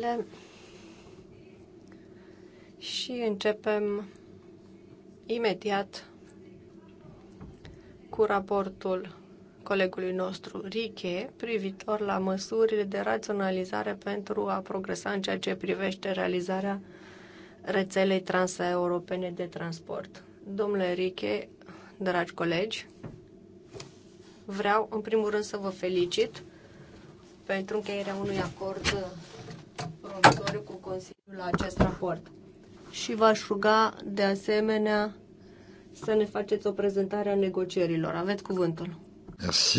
Le... Și începem imediat cu raportul colegului nostru, Riche, privitor la măsurile de raționalizare pentru a progresa în ceea ce privește realizarea rețelei transeuropene de transport. Domnule Riche, dragi colegi, vreau în primul rând să vă felicit pentru încheierea unui acord provizorii cu Consiliul la acest raport. Și v-aș ruga, de asemenea, să ne faceți o prezentare a negocierilor. Aveți cuvântul. Merci,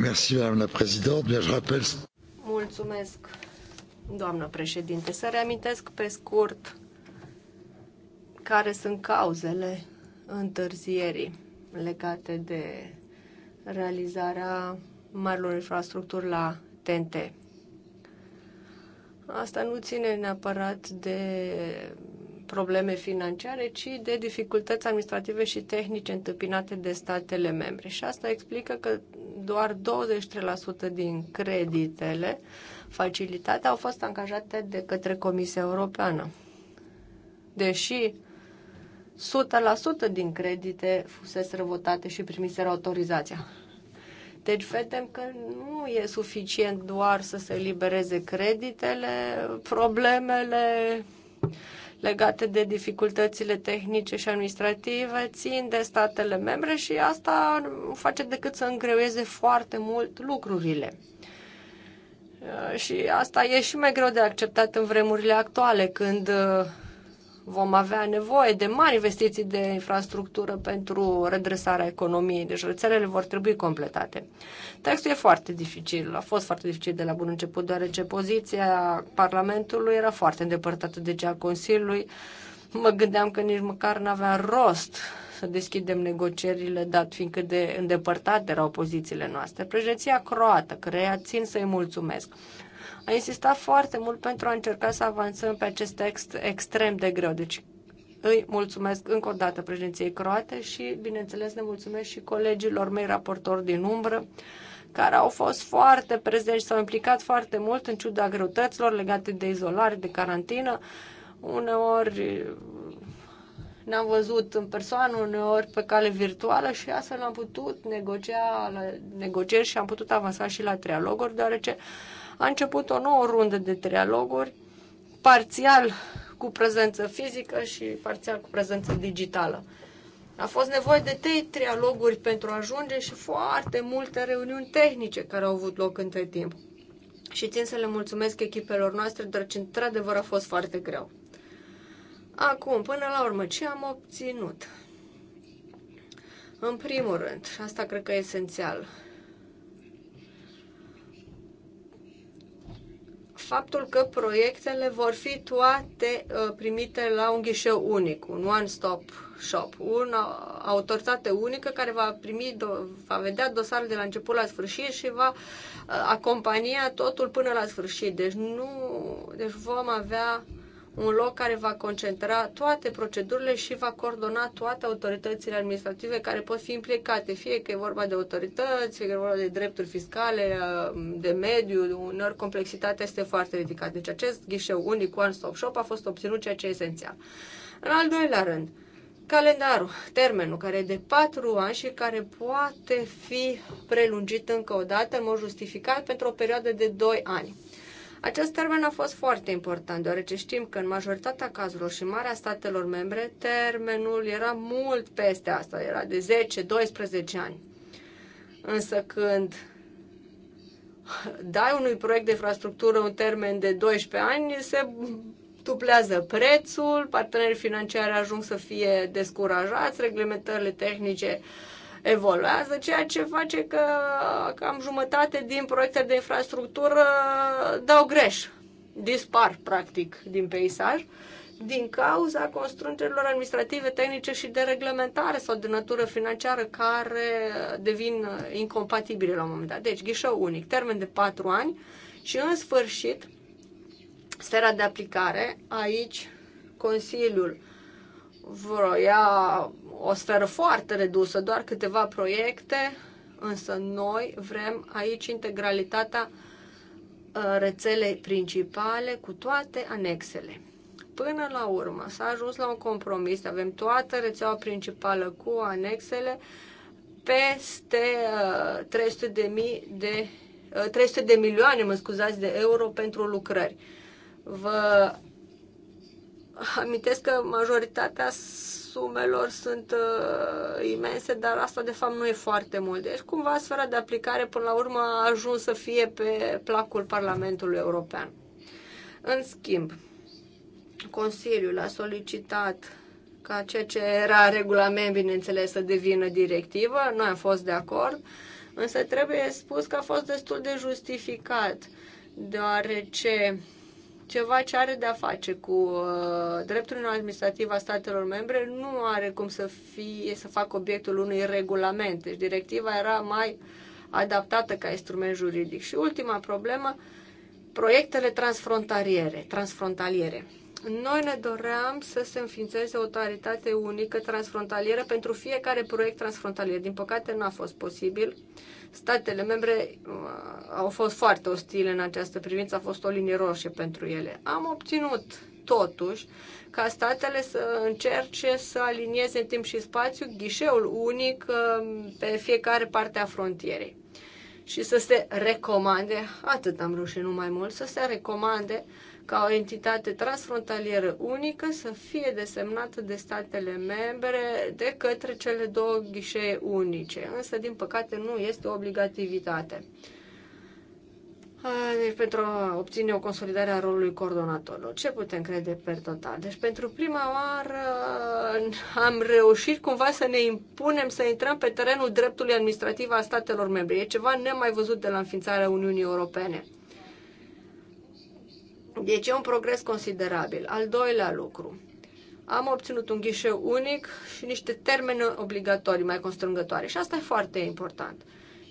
merci, doamna la Présidente. Mulțumesc, doamnă președinte. Să reamintesc pe scurt care sunt cauzele întârzierii legate de realizarea marilor infrastructuri la TNT. Asta nu ține neapărat de probleme financiare, ci de dificultăți administrative și tehnice întâmpinate de statele membre. Și asta explică că doar 23% din creditele facilitate au fost angajate de către Comisia Europeană. Deși 100% din credite fusese votate și primiseră autorizația. Deci vedem că nu e suficient doar să se libereze creditele, problemele legate de dificultățile tehnice și administrative țin de statele membre și asta nu face decât să îngreuieze foarte mult lucrurile. Și asta e și mai greu de acceptat în vremurile actuale, când vom avea nevoie de mari investiții de infrastructură pentru redresarea economiei, deci rețelele vor trebui completate. Textul e foarte dificil, a fost foarte dificil de la bun început, deoarece poziția Parlamentului era foarte îndepărtată de cea a Consiliului. Mă gândeam că nici măcar n-avea rost să deschidem negocierile, dat fiindcă de îndepărtate erau pozițiile noastre. Președinția croată, care țin să-i mulțumesc, a insistat foarte mult pentru a încerca să avansăm pe acest text extrem de greu. Deci îi mulțumesc încă o dată președinției croate și, bineînțeles, ne mulțumesc și colegilor mei raportori din umbră, care au fost foarte prezenți, s-au implicat foarte mult în ciuda greutăților legate de izolare, de carantină. Uneori ne-am văzut în persoană, uneori pe cale virtuală și astfel am putut negocia la negocieri și am putut avansa și la trialoguri, deoarece a început o nouă rundă de trialoguri, parțial cu prezență fizică și parțial cu prezență digitală. A fost nevoie de trei trialoguri pentru a ajunge și foarte multe reuniuni tehnice care au avut loc între timp. Și țin să le mulțumesc echipelor noastre, dar ce într-adevăr a fost foarte greu. Acum, până la urmă, ce am obținut? În primul rând, asta cred că e esențial, faptul că proiectele vor fi toate uh, primite la un ghișeu unic, un one-stop shop, o uh, autoritate unică care va primi, va vedea dosarul de la început la sfârșit și va uh, acompania totul până la sfârșit. Deci nu, deci vom avea un loc care va concentra toate procedurile și va coordona toate autoritățile administrative care pot fi implicate, fie că e vorba de autorități, fie că e vorba de drepturi fiscale, de mediu, uneori complexitatea este foarte ridicată. Deci acest ghișeu unic One Stop Shop a fost obținut, ceea ce e esențial. În al doilea rând, calendarul, termenul, care e de 4 ani și care poate fi prelungit încă o dată, în mod justificat, pentru o perioadă de 2 ani. Acest termen a fost foarte important, deoarece știm că în majoritatea cazurilor și marea statelor membre, termenul era mult peste asta, era de 10-12 ani. Însă când dai unui proiect de infrastructură un termen de 12 ani, se tuplează prețul, partenerii financiari ajung să fie descurajați, reglementările tehnice uh, evoluează, ceea ce face că cam jumătate din proiecte de infrastructură dau greș, dispar practic din peisaj din cauza constrângerilor administrative, tehnice și de reglementare sau de natură financiară care devin incompatibile la un moment dat. Deci, ghișeu unic, termen de 4 ani și, în sfârșit, sfera de aplicare. Aici, Consiliul vroia o sferă foarte redusă, doar câteva proiecte, însă noi vrem aici integralitatea uh, rețelei principale cu toate anexele. Până la urmă s-a ajuns la un compromis, avem toată rețeaua principală cu anexele peste 300 uh, de, mii de, 300 uh, de milioane mă scuzați, de euro pentru lucrări. Vă amintesc că majoritatea sumelor sunt uh, imense, dar asta de fapt nu e foarte mult. Deci cumva sfera de aplicare până la urmă a ajuns să fie pe placul Parlamentului European. În schimb, Consiliul a solicitat ca ceea ce era regulament, bineînțeles, să devină directivă. Noi am fost de acord, însă trebuie spus că a fost destul de justificat, deoarece uh, ceva ce are de-a face cu uh, dreptul administrativ a statelor membre nu are cum să fie să facă obiectul unui regulament. Deci directiva era mai adaptată ca instrument juridic. Și ultima problemă, proiectele transfrontaliere, transfrontaliere. Noi ne doream să se înființeze o autoritate unică transfrontalieră pentru fiecare proiect transfrontalier. Din păcate, nu a fost posibil. Statele membre uh, au fost foarte ostile în această privință, a fost o linie roșie pentru ele. Am obținut, totuși, ca statele să încerce să alinieze în timp și spațiu ghișeul unic uh, pe fiecare parte a frontierei și să se recomande, atât am reușit, nu mai mult, să se recomande uh, ca o entitate transfrontalieră unică să fie desemnată de statele membre de către cele două ghișee unice, însă din păcate nu este o obligativitate. Ah, deci pentru a obține o consolidare a rolului coordonatorilor. Ce putem crede per total? Deci pentru prima oară am reușit cumva să ne impunem să intrăm pe terenul dreptului administrativ al statelor membre. E ceva nemai văzut de la înființarea Uniunii Europene. Deci e un progres considerabil. Al doilea lucru, am obținut un ghișeu unic și niște termene obligatorii mai constrângătoare și asta e foarte important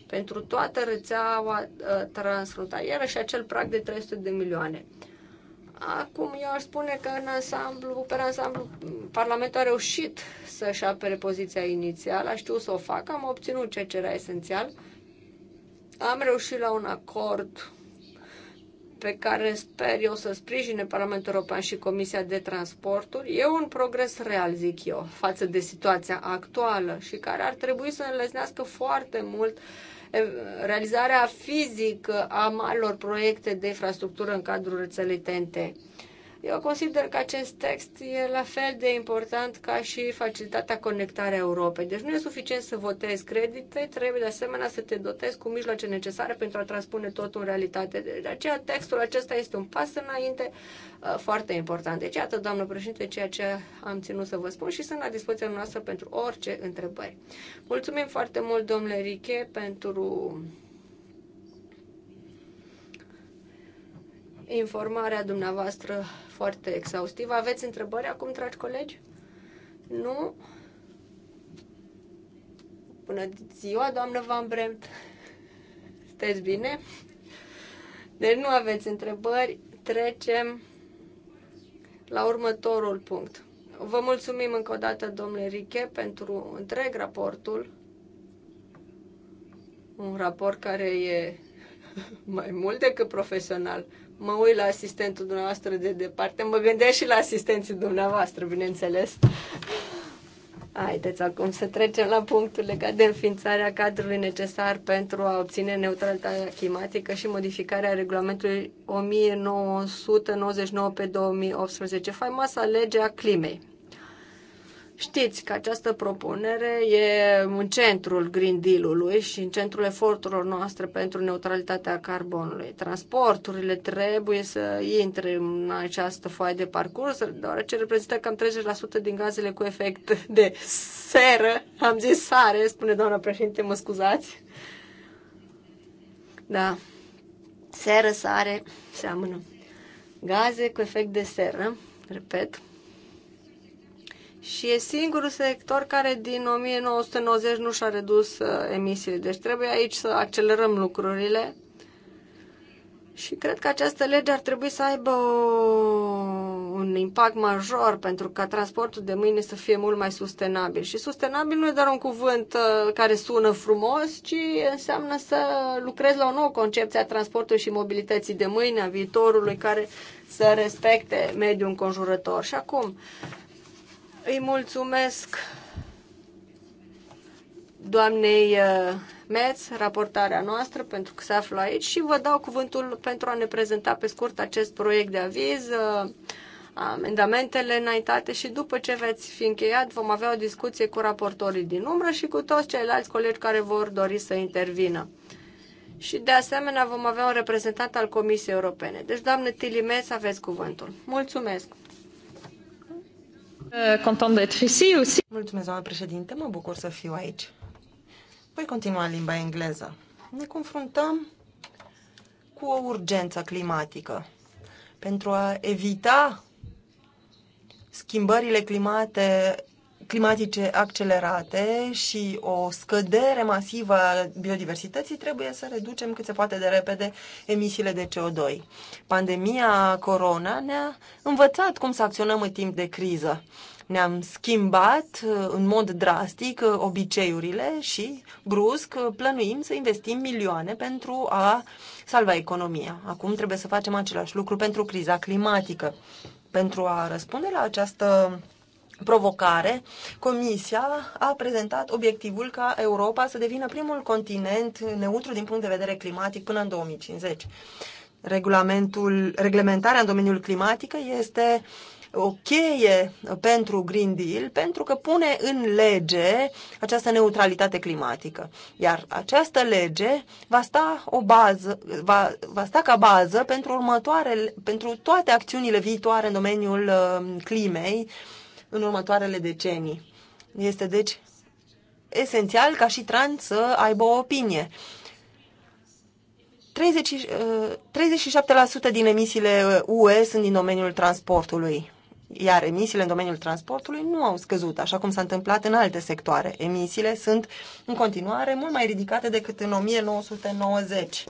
pentru toată rețeaua ă, transfrontalieră și acel prag de 300 de milioane. Acum eu aș spune că în ansamblu, pe ansamblu, Parlamentul a reușit să-și apere poziția inițială, a știut să o facă, am obținut ce era esențial, am reușit la un acord pe care sper eu să sprijine Parlamentul European și Comisia de Transporturi, e un progres real, zic eu, față de situația actuală și care ar trebui să înlesnească foarte mult eh, realizarea fizică a marilor proiecte de infrastructură în cadrul rețelei TNT. Eu consider că acest text e la fel de important ca și facilitatea conectarea Europei. Deci nu e suficient să votezi credite, trebuie de asemenea să te dotezi cu mijloace necesare pentru a transpune totul în realitate. Deci, de aceea textul acesta este un pas înainte uh, foarte important. Deci iată, doamnă președinte, ceea ce am ținut să vă spun și sunt la dispoziția noastră pentru orice întrebări. Mulțumim foarte mult, domnule Riche, pentru informarea dumneavoastră foarte exhaustiv. Aveți întrebări acum, dragi colegi? Nu? Bună ziua, doamnă Van Bremt! Sunteți bine? Deci nu aveți întrebări, trecem la următorul punct. Vă mulțumim încă o dată, domnule Riche, pentru întreg raportul. Un raport care e mai mult decât profesional, Mă uit la asistentul dumneavoastră de departe. Mă gândesc și la asistenții dumneavoastră, bineînțeles. Haideți acum să trecem la punctul legat de înființarea cadrului necesar pentru a obține neutralitatea climatică și modificarea regulamentului 1999 pe 2018, faimoasa lege a climei. Știți că această propunere e în centrul Green Deal-ului și în centrul eforturilor noastre pentru neutralitatea carbonului. Transporturile trebuie să intre în această foaie de parcurs, deoarece reprezintă cam 30% din gazele cu efect de seră. Am zis sare, spune doamna președinte, mă scuzați. Da. Seră, sare, seamănă. Gaze cu efect de seră, repet, și e singurul sector care din 1990 nu și-a redus uh, emisiile. Deci trebuie aici să accelerăm lucrurile și cred că această lege ar trebui să aibă un impact major pentru ca transportul de mâine să fie mult mai sustenabil. Și sustenabil nu e doar un cuvânt uh, care sună frumos, ci înseamnă să lucrezi la o nouă concepție a transportului și mobilității de mâine, a viitorului, care să respecte mediul înconjurător. Și acum, îi mulțumesc doamnei uh, Metz, raportarea noastră, pentru că se află aici și vă dau cuvântul pentru a ne prezenta pe scurt acest proiect de aviz, uh, amendamentele înaintate și după ce veți fi încheiat vom avea o discuție cu raportorii din umbră și cu toți ceilalți colegi care vor dori să intervină. Și de asemenea vom avea un reprezentant al Comisiei Europene. Deci, doamnă Tilimes, aveți cuvântul. Mulțumesc! Eh, content d'être ici Mulțumesc, doamna președinte, mă bucur să fiu aici. Voi continua în limba engleză. Ne confruntăm cu o urgență climatică. Pentru a evita schimbările climate, climatice accelerate și o scădere masivă a biodiversității, trebuie să reducem cât se poate de repede emisiile de CO2. Pandemia corona ne-a învățat cum să acționăm în timp de criză. Ne-am schimbat uh, în mod drastic uh, obiceiurile și brusc uh, plănuim să investim milioane pentru a salva economia. Acum trebuie să facem același lucru pentru criza climatică. Pentru a răspunde la această provocare, Comisia a prezentat obiectivul ca Europa să devină primul continent neutru din punct de vedere climatic până în 2050. Regulamentul, reglementarea în domeniul climatic este o cheie pentru Green Deal pentru că pune în lege această neutralitate climatică. Iar această lege va sta, o bază, va, va sta ca bază pentru, următoare, pentru toate acțiunile viitoare în domeniul uh, climei uh, în următoarele decenii. Este deci esențial ca și trans să aibă o opinie. 30, 37% uh, din emisiile UE sunt din domeniul transportului, iar emisiile în domeniul transportului nu au scăzut, așa cum s-a întâmplat în alte sectoare. Emisiile sunt în continuare mult mai ridicate decât în 1990.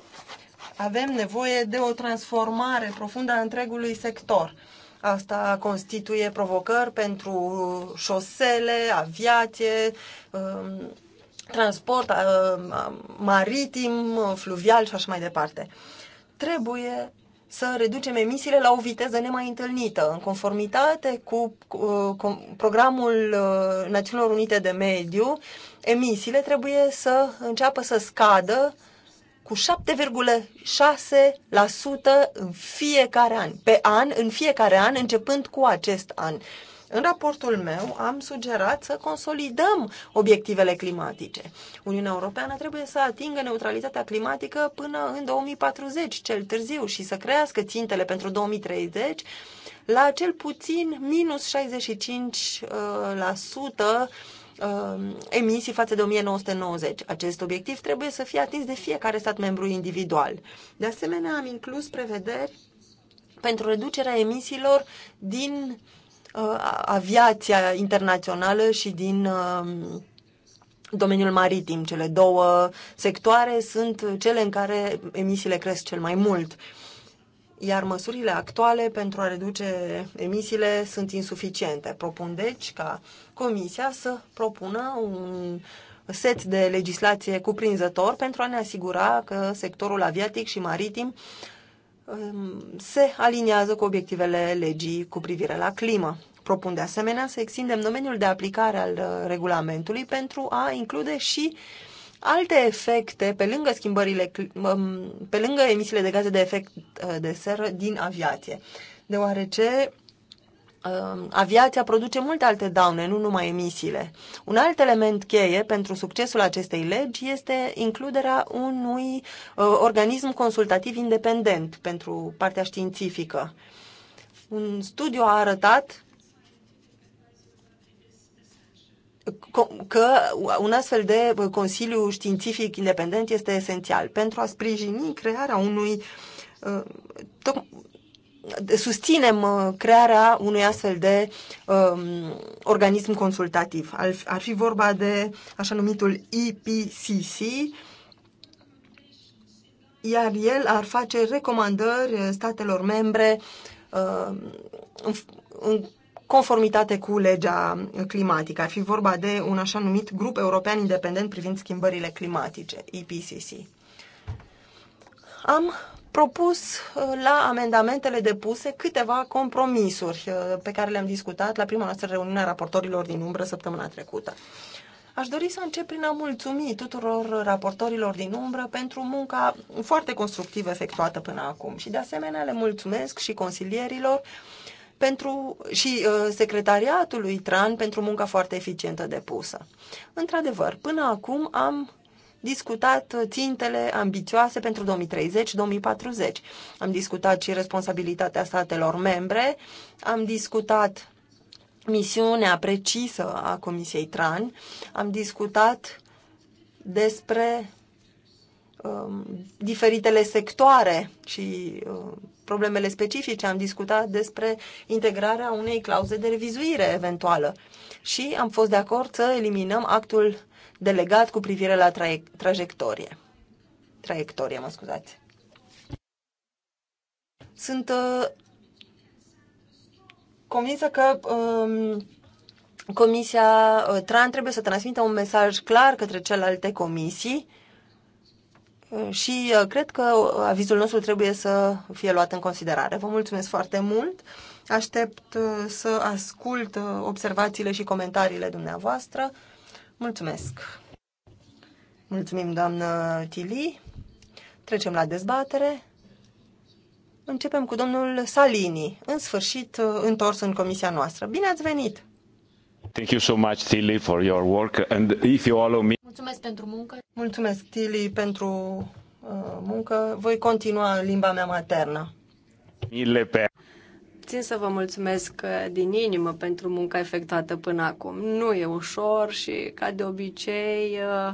Avem nevoie de o transformare profundă a întregului sector. Asta constituie provocări pentru șosele, aviație, um, transport uh, maritim, fluvial și așa mai departe. Trebuie să reducem emisiile la o viteză nemai întâlnită, în conformitate cu programul uh, Națiunilor Unite de Mediu, emisiile trebuie să înceapă să scadă cu 7,6% în fiecare an, pe an, în fiecare an, începând cu acest an. În raportul meu am sugerat să consolidăm obiectivele climatice. Uniunea Europeană trebuie să atingă neutralitatea climatică până în 2040, cel târziu, și să crească țintele pentru 2030 la cel puțin minus 65% uh, la sută uh, emisii față de 1990. Acest obiectiv trebuie să fie atins de fiecare stat membru individual. De asemenea, am inclus prevederi pentru reducerea emisiilor din uh, aviația internațională și din uh, domeniul maritim. Cele două sectoare sunt cele în care emisiile cresc cel mai mult. Uh, iar măsurile actuale pentru a reduce emisiile sunt insuficiente. Propun deci ca Comisia să propună un set de legislație cuprinzător pentru a ne asigura că sectorul aviatic și maritim um, se aliniază cu obiectivele legii cu privire la climă. Propun de asemenea să extindem domeniul de aplicare al uh, regulamentului pentru a include și uh, alte efecte pe lângă schimbările, pe lângă emisiile de gaze de efect uh, de seră din aviație. Deoarece um, aviația produce multe alte daune, nu numai emisiile. Un alt element cheie pentru succesul acestei legi este includerea unui uh, organism consultativ independent pentru partea științifică. Un studiu a arătat că un astfel de Consiliu Științific Independent este esențial pentru a sprijini crearea unui. Uh, susținem uh, crearea unui astfel de um, organism consultativ. Ar, ar fi vorba de așa numitul IPCC iar el ar face recomandări statelor membre um, în, în conformitate cu legea climatică. Ar fi vorba de un așa numit grup european independent privind schimbările climatice, IPCC. Am propus uh, la amendamentele depuse câteva compromisuri uh, pe care le-am discutat la prima noastră reuniune a raportorilor din umbră săptămâna trecută. Aș dori să încep prin a mulțumi tuturor raportorilor din umbră pentru munca foarte constructivă efectuată până acum și de asemenea le mulțumesc și consilierilor pentru, și uh, secretariatului TRAN pentru munca foarte eficientă depusă. Într-adevăr, până acum am discutat țintele ambițioase pentru 2030-2040. Am discutat și responsabilitatea statelor membre, am discutat misiunea precisă a Comisiei TRAN, am discutat despre um, diferitele sectoare și uh, problemele specifice, am discutat despre integrarea unei clauze de revizuire eventuală și am fost de acord să eliminăm actul delegat cu privire la tra- trajectorie. Traiectorie, mă scuzați. Sunt uh, convinsă că um, Comisia uh, TRAN trebuie să transmită un mesaj clar către celelalte comisii și uh, cred că uh, avizul nostru trebuie să fie luat în considerare. Vă mulțumesc foarte mult. Aștept uh, să ascult observațiile și comentariile dumneavoastră. Mulțumesc. Mulțumim, doamnă Tili. Trecem la dezbatere. Începem cu domnul Salini, în sfârșit întors în comisia noastră. Bine ați venit! Thank you so much, Tilly, for your work. And if you allow me... Mulțumesc pentru muncă. Mulțumesc, Tili, pentru uh, muncă. Voi continua în limba mea maternă. Mille pe țin să vă mulțumesc uh, din inimă pentru munca efectuată până acum. Nu e ușor și, ca de obicei, uh,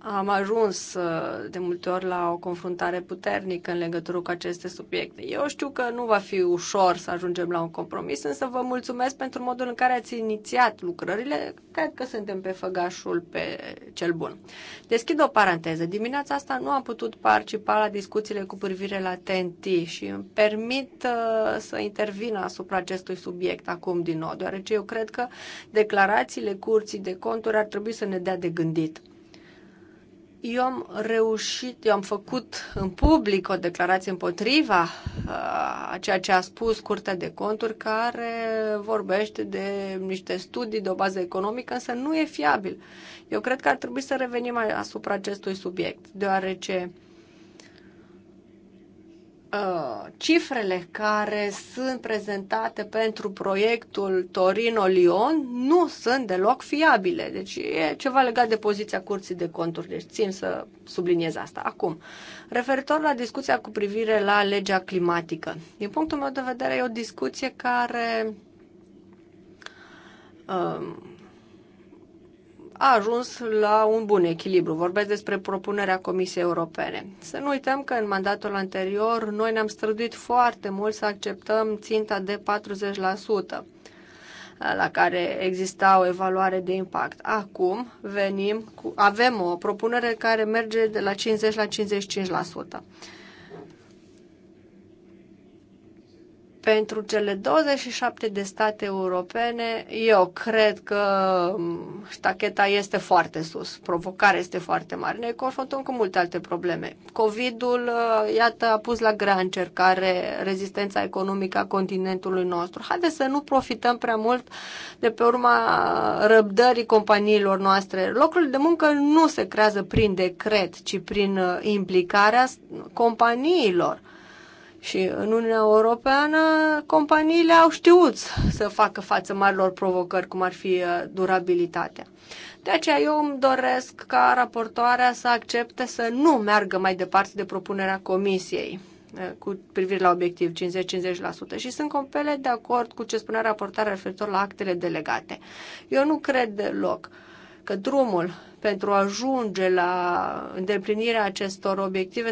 am ajuns uh, de multe ori la o confruntare puternică în legătură cu aceste subiecte. Eu știu că nu va fi ușor să ajungem la un compromis, însă vă mulțumesc pentru modul în care ați inițiat lucrările. Cred că suntem pe făgașul pe cel bun. Deschid o paranteză. Dimineața asta nu am putut participa la discuțiile cu privire la TNT și îmi permit uh, să intervin asupra acestui subiect acum din nou, deoarece eu cred că declarațiile curții de conturi ar trebui să ne dea de gândit. Eu am reușit, eu am făcut în public o declarație împotriva uh, a ceea ce a spus Curtea de Conturi, care vorbește de niște studii de o bază economică, însă nu e fiabil. Eu cred că ar trebui să revenim asupra acestui subiect, deoarece uh, Uh, cifrele care sunt prezentate pentru proiectul Torino-Lyon nu sunt deloc fiabile. Deci e ceva legat de poziția Curții de Conturi, deci țin să subliniez asta. Acum, referitor la discuția cu privire la legea climatică. Din punctul meu de vedere, e o discuție care um, a ajuns la un bun echilibru. Vorbesc despre propunerea Comisiei Europene. Să nu uităm că în mandatul anterior noi ne-am străduit foarte mult să acceptăm ținta de 40% la care exista o evaluare de impact. Acum venim cu, avem o propunere care merge de la 50 la 55%. Pentru cele 27 de state europene, eu cred că mm, ștacheta este foarte sus, provocarea este foarte mare. Ne confruntăm cu multe alte probleme. COVID-ul, uh, iată, a pus la grea încercare rezistența economică a continentului nostru. Haideți să nu profităm prea mult de pe urma răbdării companiilor noastre. Locurile de muncă nu se creează prin decret, ci prin uh, implicarea companiilor și în Uniunea Europeană, companiile au știut să facă față marilor provocări, cum ar fi uh, durabilitatea. De aceea eu îmi doresc ca raportoarea să accepte să nu meargă mai departe de propunerea comisiei uh, cu privire la obiectiv 50-50% și sunt complet de acord cu ce spunea raportarea referitor la actele delegate. Eu nu cred deloc că drumul pentru a ajunge la îndeplinirea acestor obiective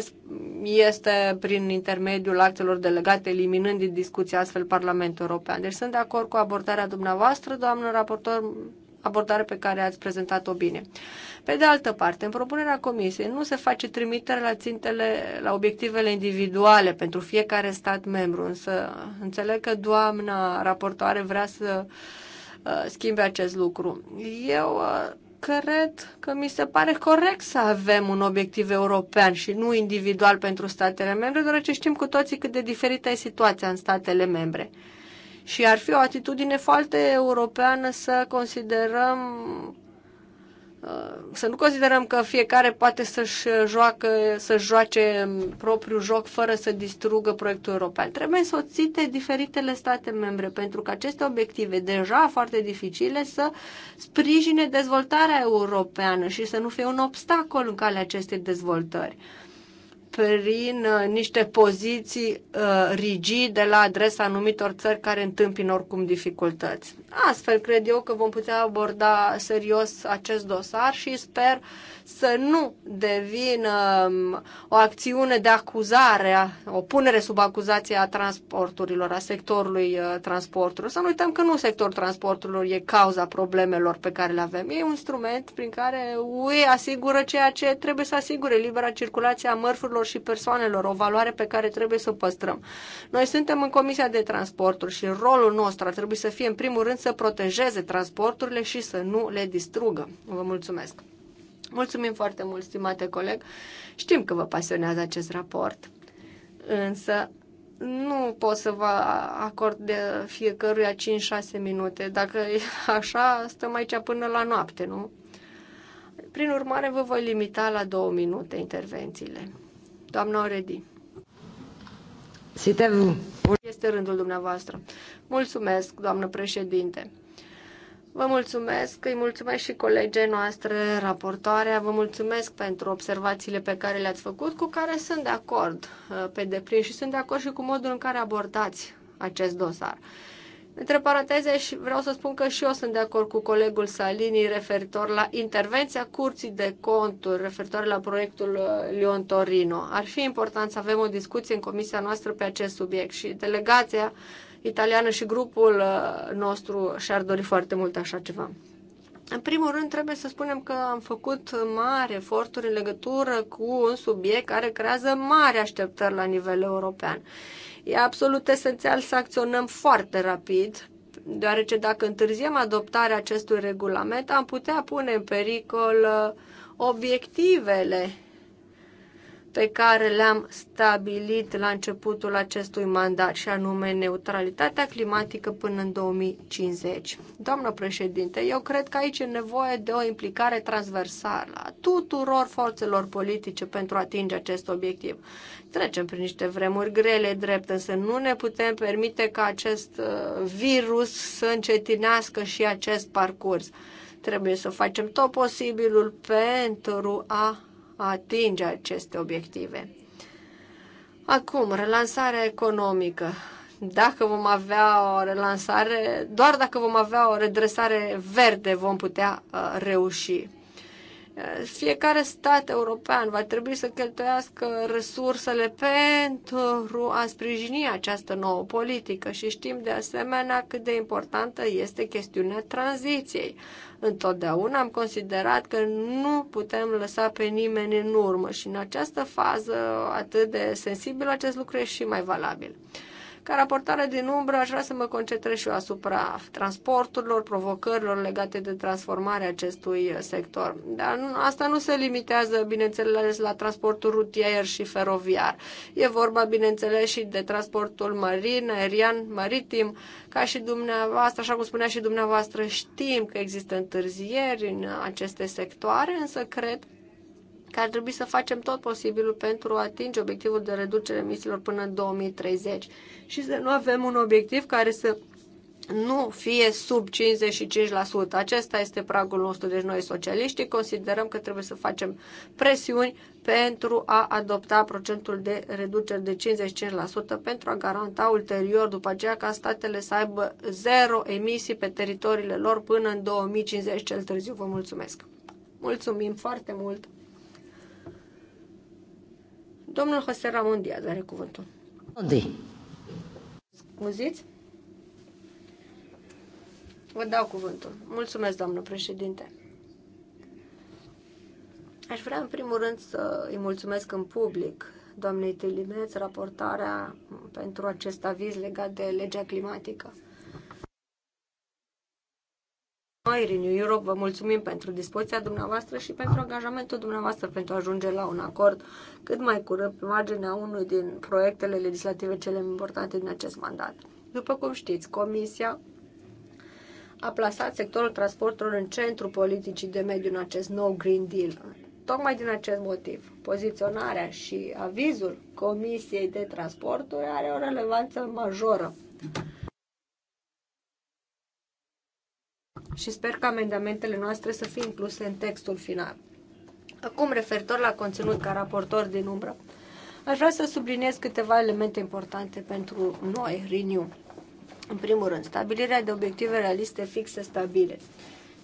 este prin intermediul actelor delegate, eliminând din discuție astfel Parlamentul European. Deci sunt de acord cu abordarea dumneavoastră, doamnă raportor, abordare pe care ați prezentat-o bine. Pe de altă parte, în propunerea Comisiei nu se face trimitere la țintele, la obiectivele individuale pentru fiecare stat membru, însă înțeleg că doamna raportoare vrea să uh, schimbe acest lucru. Eu uh, cred că mi se pare corect să avem un obiectiv european și nu individual pentru statele membre, deoarece știm cu toții cât de diferită e situația în statele membre. Și ar fi o atitudine foarte europeană să considerăm să nu considerăm că fiecare poate să-și joacă, să joace propriul joc fără să distrugă proiectul european. Trebuie însoțite diferitele state membre pentru că aceste obiective, deja foarte dificile, să sprijine dezvoltarea europeană și să nu fie un obstacol în calea acestei dezvoltări prin uh, niște poziții uh, rigide la adresa anumitor țări care întâmpină oricum dificultăți. Astfel, cred eu că vom putea aborda serios acest dosar și sper uh, să nu devină um, o acțiune de acuzare, o punere sub acuzație a transporturilor, a sectorului uh, transporturilor. Să nu uităm că nu sectorul transporturilor e cauza problemelor pe care le avem. E un instrument prin care UE asigură ceea ce trebuie să asigure, libera circulație a mărfurilor și persoanelor, o valoare pe care trebuie să o păstrăm. Noi suntem în Comisia de Transporturi și rolul nostru ar trebui să fie, în primul rând, să protejeze transporturile și să nu le distrugă. Vă mulțumesc! Mulțumim foarte mult, stimate coleg. Știm că vă pasionează acest raport, însă nu pot să vă acord de fiecăruia 5-6 minute. Dacă e așa, stăm aici până la noapte, nu? Prin urmare, vă voi limita la două minute intervențiile. Doamna Oredi. Este rândul dumneavoastră. Mulțumesc, doamnă președinte. Vă mulțumesc, îi mulțumesc și colegei noastre, raportoarea, vă mulțumesc pentru observațiile pe care le-ați făcut, cu care sunt de acord uh, pe deplin și sunt de acord și cu modul în care abordați acest dosar. Între paranteze, și vreau să spun că și eu sunt de acord cu colegul Salini referitor la intervenția Curții de Conturi, referitor la proiectul uh, Lyon-Torino. Ar fi important să avem o discuție în comisia noastră pe acest subiect și delegația italiană și grupul uh, nostru și-ar dori foarte mult așa ceva. În primul rând, trebuie să spunem că am făcut mari eforturi în legătură cu un subiect care creează mari așteptări la nivel european. E absolut esențial să acționăm foarte rapid, deoarece dacă întârziem adoptarea acestui regulament, am putea pune în pericol uh, obiectivele pe care le-am stabilit la începutul acestui mandat, și anume neutralitatea climatică până în 2050. Doamnă președinte, eu cred că aici e nevoie de o implicare transversală a tuturor forțelor politice pentru a atinge acest obiectiv. Trecem prin niște vremuri grele, drept, însă nu ne putem permite ca acest uh, virus să încetinească și acest parcurs trebuie să facem tot posibilul pentru a a atinge aceste obiective. Acum, relansarea economică. Dacă vom avea o relansare, doar dacă vom avea o redresare verde, vom putea uh, reuși. Uh, fiecare stat european va trebui să cheltuiască resursele pentru a sprijini această nouă politică și știm de asemenea cât de importantă este chestiunea tranziției. Întotdeauna am considerat că nu putem lăsa pe nimeni în urmă și în această fază atât de sensibilă acest lucru e și mai valabil. Ca raportare din umbră, aș vrea să mă concentrez și eu asupra transporturilor, provocărilor legate de transformarea acestui sector. Dar asta nu se limitează, bineînțeles, la transportul rutier și feroviar. E vorba, bineînțeles, și de transportul marin, aerian, maritim. Ca și dumneavoastră, așa cum spunea și dumneavoastră, știm că există întârzieri în aceste sectoare, însă cred că ar trebui să facem tot posibilul pentru a atinge obiectivul de reducere emisiilor până în 2030 și să nu avem un obiectiv care să nu fie sub 55%. Acesta este pragul nostru. Deci noi socialiștii considerăm că trebuie să facem presiuni pentru a adopta procentul de reducere de 55% pentru a garanta ulterior după aceea ca statele să aibă zero emisii pe teritoriile lor până în 2050 cel târziu. Vă mulțumesc! Mulțumim foarte mult! Domnul José Ramon Diaz are cuvântul. Unde? Scuziți? Vă dau cuvântul. Mulțumesc, doamnă președinte. Aș vrea, în primul rând, să îi mulțumesc în public doamnei Telimeț raportarea pentru acest aviz legat de legea climatică. Noi, Renew Europe, vă mulțumim pentru dispoziția dumneavoastră și pentru angajamentul dumneavoastră pentru a ajunge la un acord cât mai curând pe marginea unui din proiectele legislative cele importante din acest mandat. După cum știți, Comisia a plasat sectorul transportului în centrul politicii de mediu în acest nou Green Deal. Tocmai din acest motiv, poziționarea și avizul Comisiei de Transporturi are o relevanță majoră și sper că amendamentele noastre să fie incluse în textul final. Acum, referitor la conținut ca raportor din umbră, aș vrea să subliniez câteva elemente importante pentru noi, Renew. În primul rând, stabilirea de obiective realiste fixe stabile.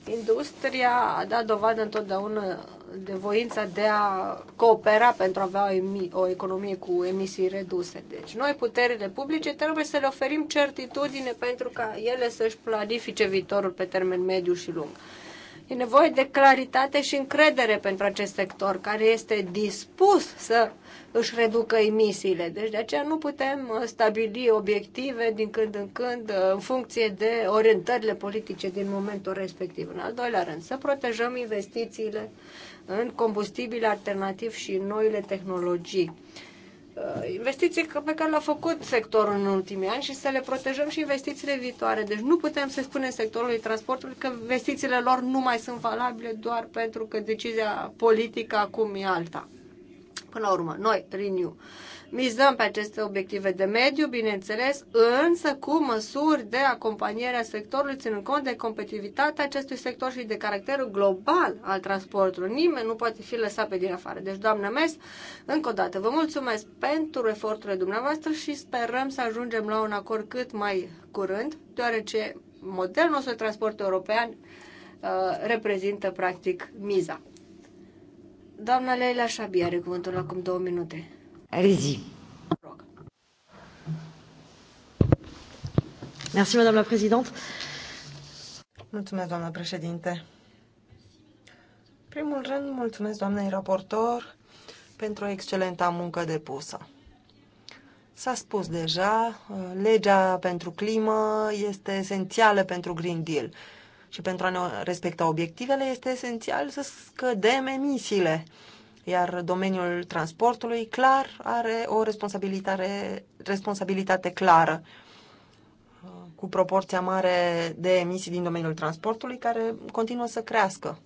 Industria a dat dovadă întotdeauna de voința de a coopera pentru a avea o, o economie cu emisii reduse. Deci noi, puterile publice, trebuie să le oferim certitudine pentru ca ele să-și planifice viitorul pe termen mediu și lung. E nevoie de claritate și încredere pentru acest sector care este dispus să își reducă emisiile. Deci de aceea nu putem uh, stabili obiective din când în când uh, în funcție de orientările politice din momentul respectiv. În al doilea rând, să protejăm investițiile în combustibile alternativ și în noile tehnologii uh, investiții pe care le-a făcut sectorul în ultimii ani și să le protejăm și investițiile viitoare. Deci nu putem să spunem sectorului transportului că investițiile lor nu mai sunt valabile doar pentru că decizia politică acum e alta. Până la urmă, noi, Renew, mizăm pe aceste obiective de mediu, bineînțeles, însă cu măsuri de acompaniere a sectorului, ținând cont de competitivitatea acestui sector și de caracterul global al transportului. Nimeni nu poate fi lăsat pe din afară. Deci, doamnă Mes, încă o dată, vă mulțumesc pentru eforturile dumneavoastră și sperăm să ajungem la un acord cât mai curând, deoarece modelul nostru de transport european uh, reprezintă, practic, miza. Doamna Leila Șabi are cuvântul acum două minute. Rizi. Merci, Madame la Présidente. Mulțumesc, doamna președinte. Primul rând, mulțumesc doamnei raportor pentru excelenta muncă depusă. S-a spus deja, legea pentru climă este esențială pentru Green Deal și pentru a ne respecta obiectivele este esențial să scădem emisiile. Iar domeniul transportului, clar, are o responsabilitate, responsabilitate clară cu proporția mare de emisii din domeniul transportului care continuă să crească.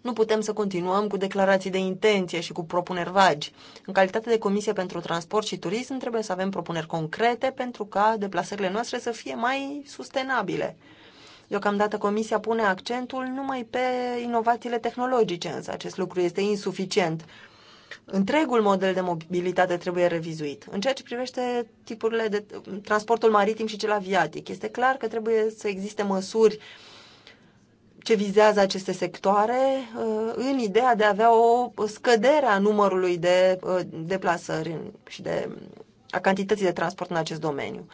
Nu putem să continuăm cu declarații de intenție și cu propuneri vagi. În calitate de Comisie pentru Transport și Turism trebuie să avem propuneri concrete pentru ca deplasările noastre să fie mai sustenabile. Deocamdată Comisia pune accentul numai pe inovațiile tehnologice, însă acest lucru este insuficient. Întregul model de mobilitate trebuie revizuit. În ceea ce privește tipurile de transportul maritim și cel aviatic, este clar că trebuie să existe măsuri ce vizează aceste sectoare uh, în ideea de a avea o scădere a numărului de uh, deplasări și de a cantității de transport în acest domeniu.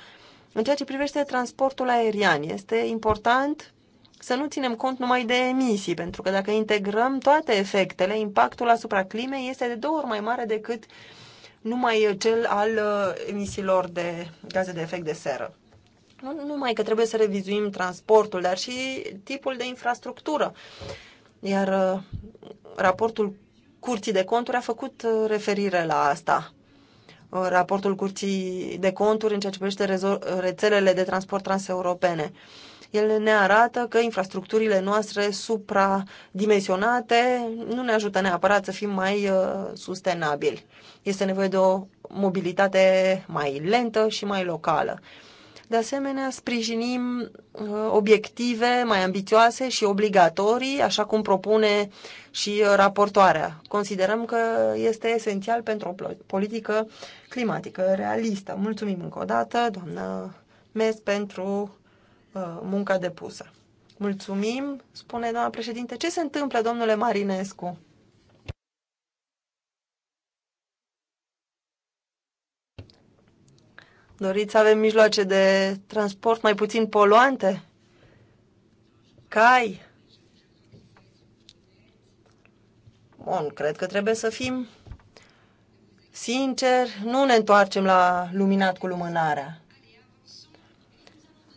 În ceea ce privește transportul aerian, este important să nu ținem cont numai de emisii, pentru că dacă integrăm toate efectele, impactul asupra climei este de două ori mai mare decât numai cel al uh, emisiilor de gaze de efect de seră. Nu numai că trebuie să revizuim transportul, dar și tipul de infrastructură. Iar uh, raportul Curții de Conturi a făcut uh, referire la asta raportul Curții de Conturi în ceea ce privește rețelele de transport transeuropene. Ele ne arată că infrastructurile noastre supradimensionate nu ne ajută neapărat să fim mai uh, sustenabili. Este nevoie de o mobilitate mai lentă și mai locală. Uh, de asemenea, sprijinim uh, obiective mai ambițioase și obligatorii, așa cum propune și uh, raportoarea. Considerăm că este esențial pentru o politică climatică realistă. Mulțumim încă o dată, doamnă Mes, pentru uh, munca depusă. Mulțumim, spune doamna președinte. Ce se întâmplă, domnule Marinescu? Doriți să avem mijloace de transport mai puțin poluante? Cai? Bun, cred că trebuie să fim sinceri, nu ne întoarcem la luminat cu lumânarea.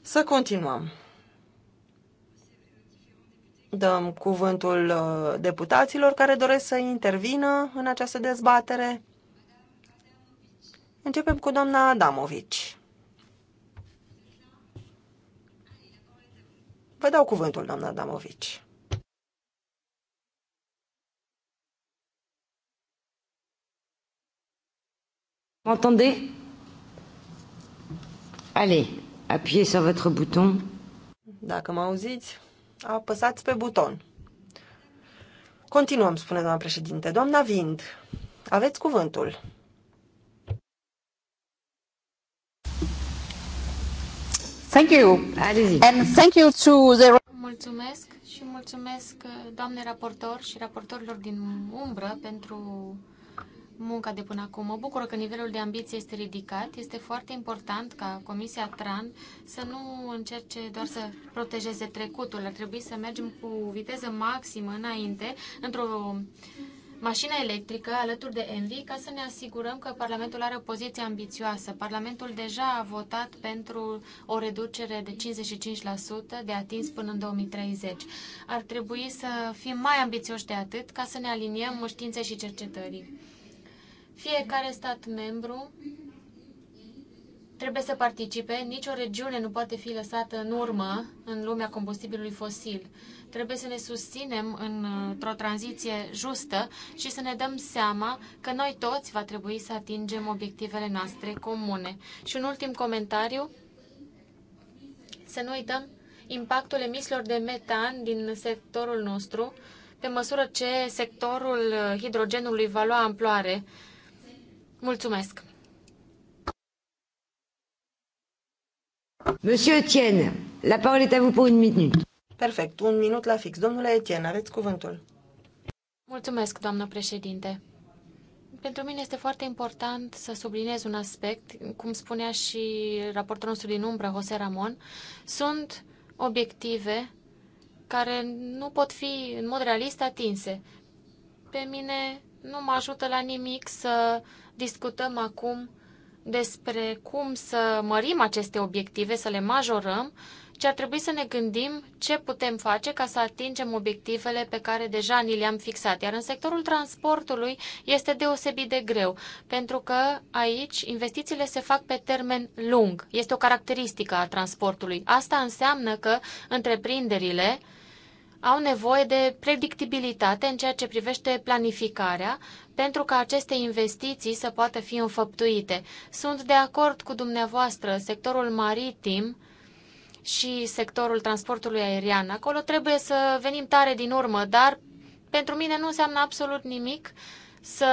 Să continuăm. Dăm cuvântul uh, deputaților care doresc să intervină în această dezbatere. Începem cu doamna Adamovici. Vă dau cuvântul, doamna Adamovici. Entendez Allez, appuyez sur votre bouton. Dacă mă auziți, apăsați pe buton. Continuăm, spune doamna președinte. Doamna Vind, aveți cuvântul. Thank you. And thank you to the... Mulțumesc și mulțumesc doamne raportor și raportorilor din umbră pentru munca de până acum. Mă bucur că nivelul de ambiție este ridicat. Este foarte important ca Comisia TRAN să nu încerce doar să protejeze trecutul. Ar trebui să mergem cu viteză maximă înainte, într-o mașina electrică alături de Envi ca să ne asigurăm că Parlamentul are o poziție ambițioasă. Parlamentul deja a votat pentru o reducere de 55% de atins până în 2030. Ar trebui să fim mai ambițioși de atât ca să ne aliniem științei și cercetării. Fiecare stat membru trebuie să participe, nicio regiune nu poate fi lăsată în urmă în lumea combustibilului fosil. Trebuie să ne susținem într-o tranziție justă și să ne dăm seama că noi toți va trebui să atingem obiectivele noastre comune. Și un ultim comentariu, să nu uităm impactul emisiilor de metan din sectorul nostru, pe măsură ce sectorul hidrogenului va lua amploare. Mulțumesc! Monsieur Etienne, la parole est à vous pour une minute. Perfect, un minut la fix. Domnule Etienne, aveți cuvântul. Mulțumesc, doamnă președinte. Pentru mine este foarte important să subliniez un aspect, cum spunea și raportul nostru din umbră, Jose Ramon, sunt obiective care nu pot fi în mod realist atinse. Pe mine nu mă ajută la nimic să discutăm acum despre cum să mărim aceste obiective, să le majorăm, ci ar trebui să ne gândim ce putem face ca să atingem obiectivele pe care deja ni le-am fixat. Iar în sectorul transportului este deosebit de greu, pentru că aici investițiile se fac pe termen lung. Este o caracteristică a transportului. Asta înseamnă că întreprinderile, au nevoie de predictibilitate în ceea ce privește planificarea pentru ca aceste investiții să poată fi înfăptuite. Sunt de acord cu dumneavoastră, sectorul maritim și sectorul transportului aerian. Acolo trebuie să venim tare din urmă, dar pentru mine nu înseamnă absolut nimic uh, să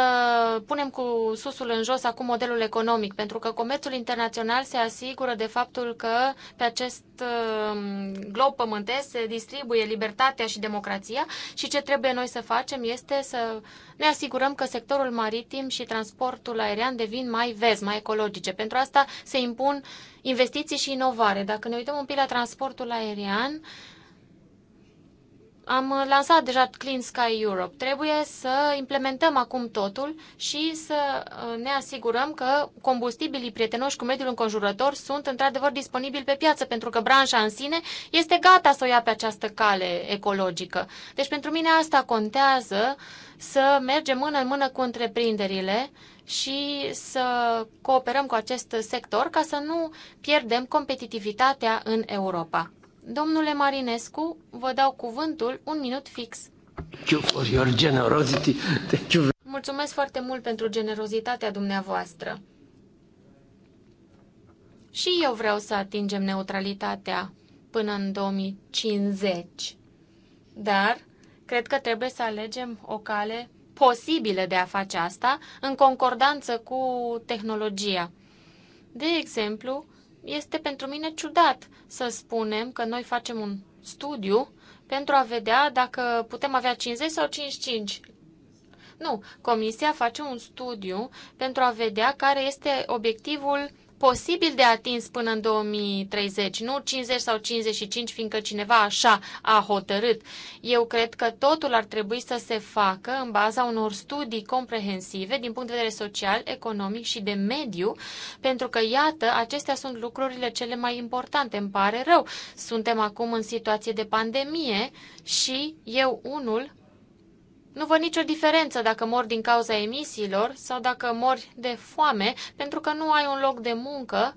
punem cu susul în jos acum modelul economic, pentru că comerțul internațional se asigură de faptul că pe acest um, glob pământesc se distribuie libertatea și democrația și ce trebuie noi să facem este să ne asigurăm că sectorul maritim și transportul aerian devin mai vezi, mai ecologice. Pentru asta se impun investiții și inovare. Dacă ne uităm un pic la transportul aerian, am uh, lansat deja Clean Sky Europe. Trebuie să implementăm acum totul și să uh, ne asigurăm că combustibilii prietenoși cu mediul înconjurător sunt într-adevăr disponibili pe piață, pentru că branșa în sine este gata să o ia pe această cale ecologică. Deci pentru mine asta contează să mergem mână în mână cu întreprinderile și să cooperăm cu acest sector ca să nu pierdem competitivitatea în Europa. Domnule Marinescu, vă dau cuvântul un minut fix. Thank you for your generosity. Thank you. Mulțumesc foarte mult pentru generozitatea dumneavoastră. Și eu vreau să atingem neutralitatea până în 2050. Dar cred că trebuie să alegem o cale posibilă de a face asta în concordanță cu tehnologia. De exemplu, este pentru mine ciudat să spunem că noi facem un studiu pentru a vedea dacă putem avea 50 sau 55. Nu, comisia face un studiu pentru a vedea care este obiectivul posibil de atins până în 2030, nu 50 sau 55, fiindcă cineva așa a hotărât. Eu cred că totul ar trebui să se facă în baza unor studii comprehensive din punct de vedere social, economic și de mediu, pentru că, iată, acestea sunt lucrurile cele mai importante. Îmi pare rău. Suntem acum în situație de pandemie și eu unul nu văd nicio diferență dacă mor din cauza emisiilor sau dacă mori de foame pentru că nu ai un loc de muncă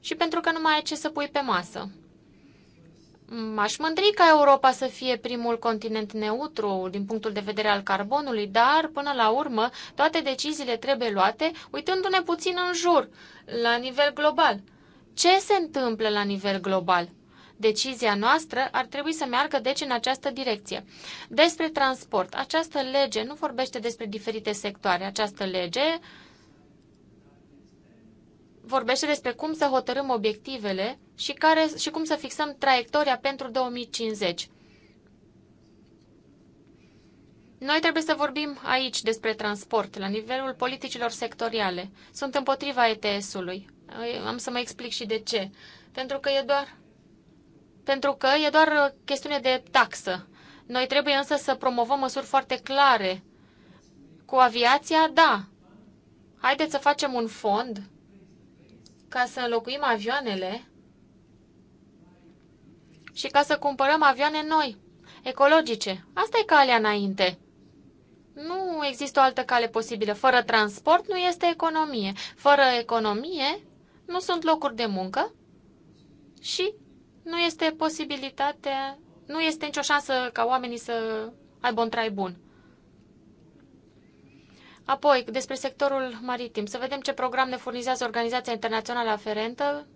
și pentru că nu mai ai ce să pui pe masă. M-aș mm, mândri ca Europa să fie primul continent neutru din punctul de vedere al carbonului, dar, până la urmă, toate deciziile trebuie luate uitându-ne puțin în jur, la nivel global. Ce se întâmplă la nivel global? Decizia noastră ar trebui să meargă deci în această direcție. Despre transport, această lege nu vorbește despre diferite sectoare. Această lege vorbește despre cum să hotărâm obiectivele și, care, și cum să fixăm traiectoria pentru 2050. Noi trebuie să vorbim aici despre transport, la nivelul politicilor sectoriale. Sunt împotriva ETS-ului. Am să mă explic și de ce. Pentru că e doar pentru că e doar uh, chestiune de taxă. Noi trebuie însă să promovăm măsuri foarte clare. Cu aviația, da. Haideți să facem un fond ca să înlocuim avioanele și ca să cumpărăm avioane noi, ecologice. Asta e calea înainte. Nu există o altă cale posibilă. Fără transport nu este economie. Fără economie nu sunt locuri de muncă și nu este posibilitatea, nu este nicio șansă ca oamenii să aibă un trai bun. Apoi, despre sectorul maritim, să vedem ce program ne furnizează Organizația Internațională Aferentă,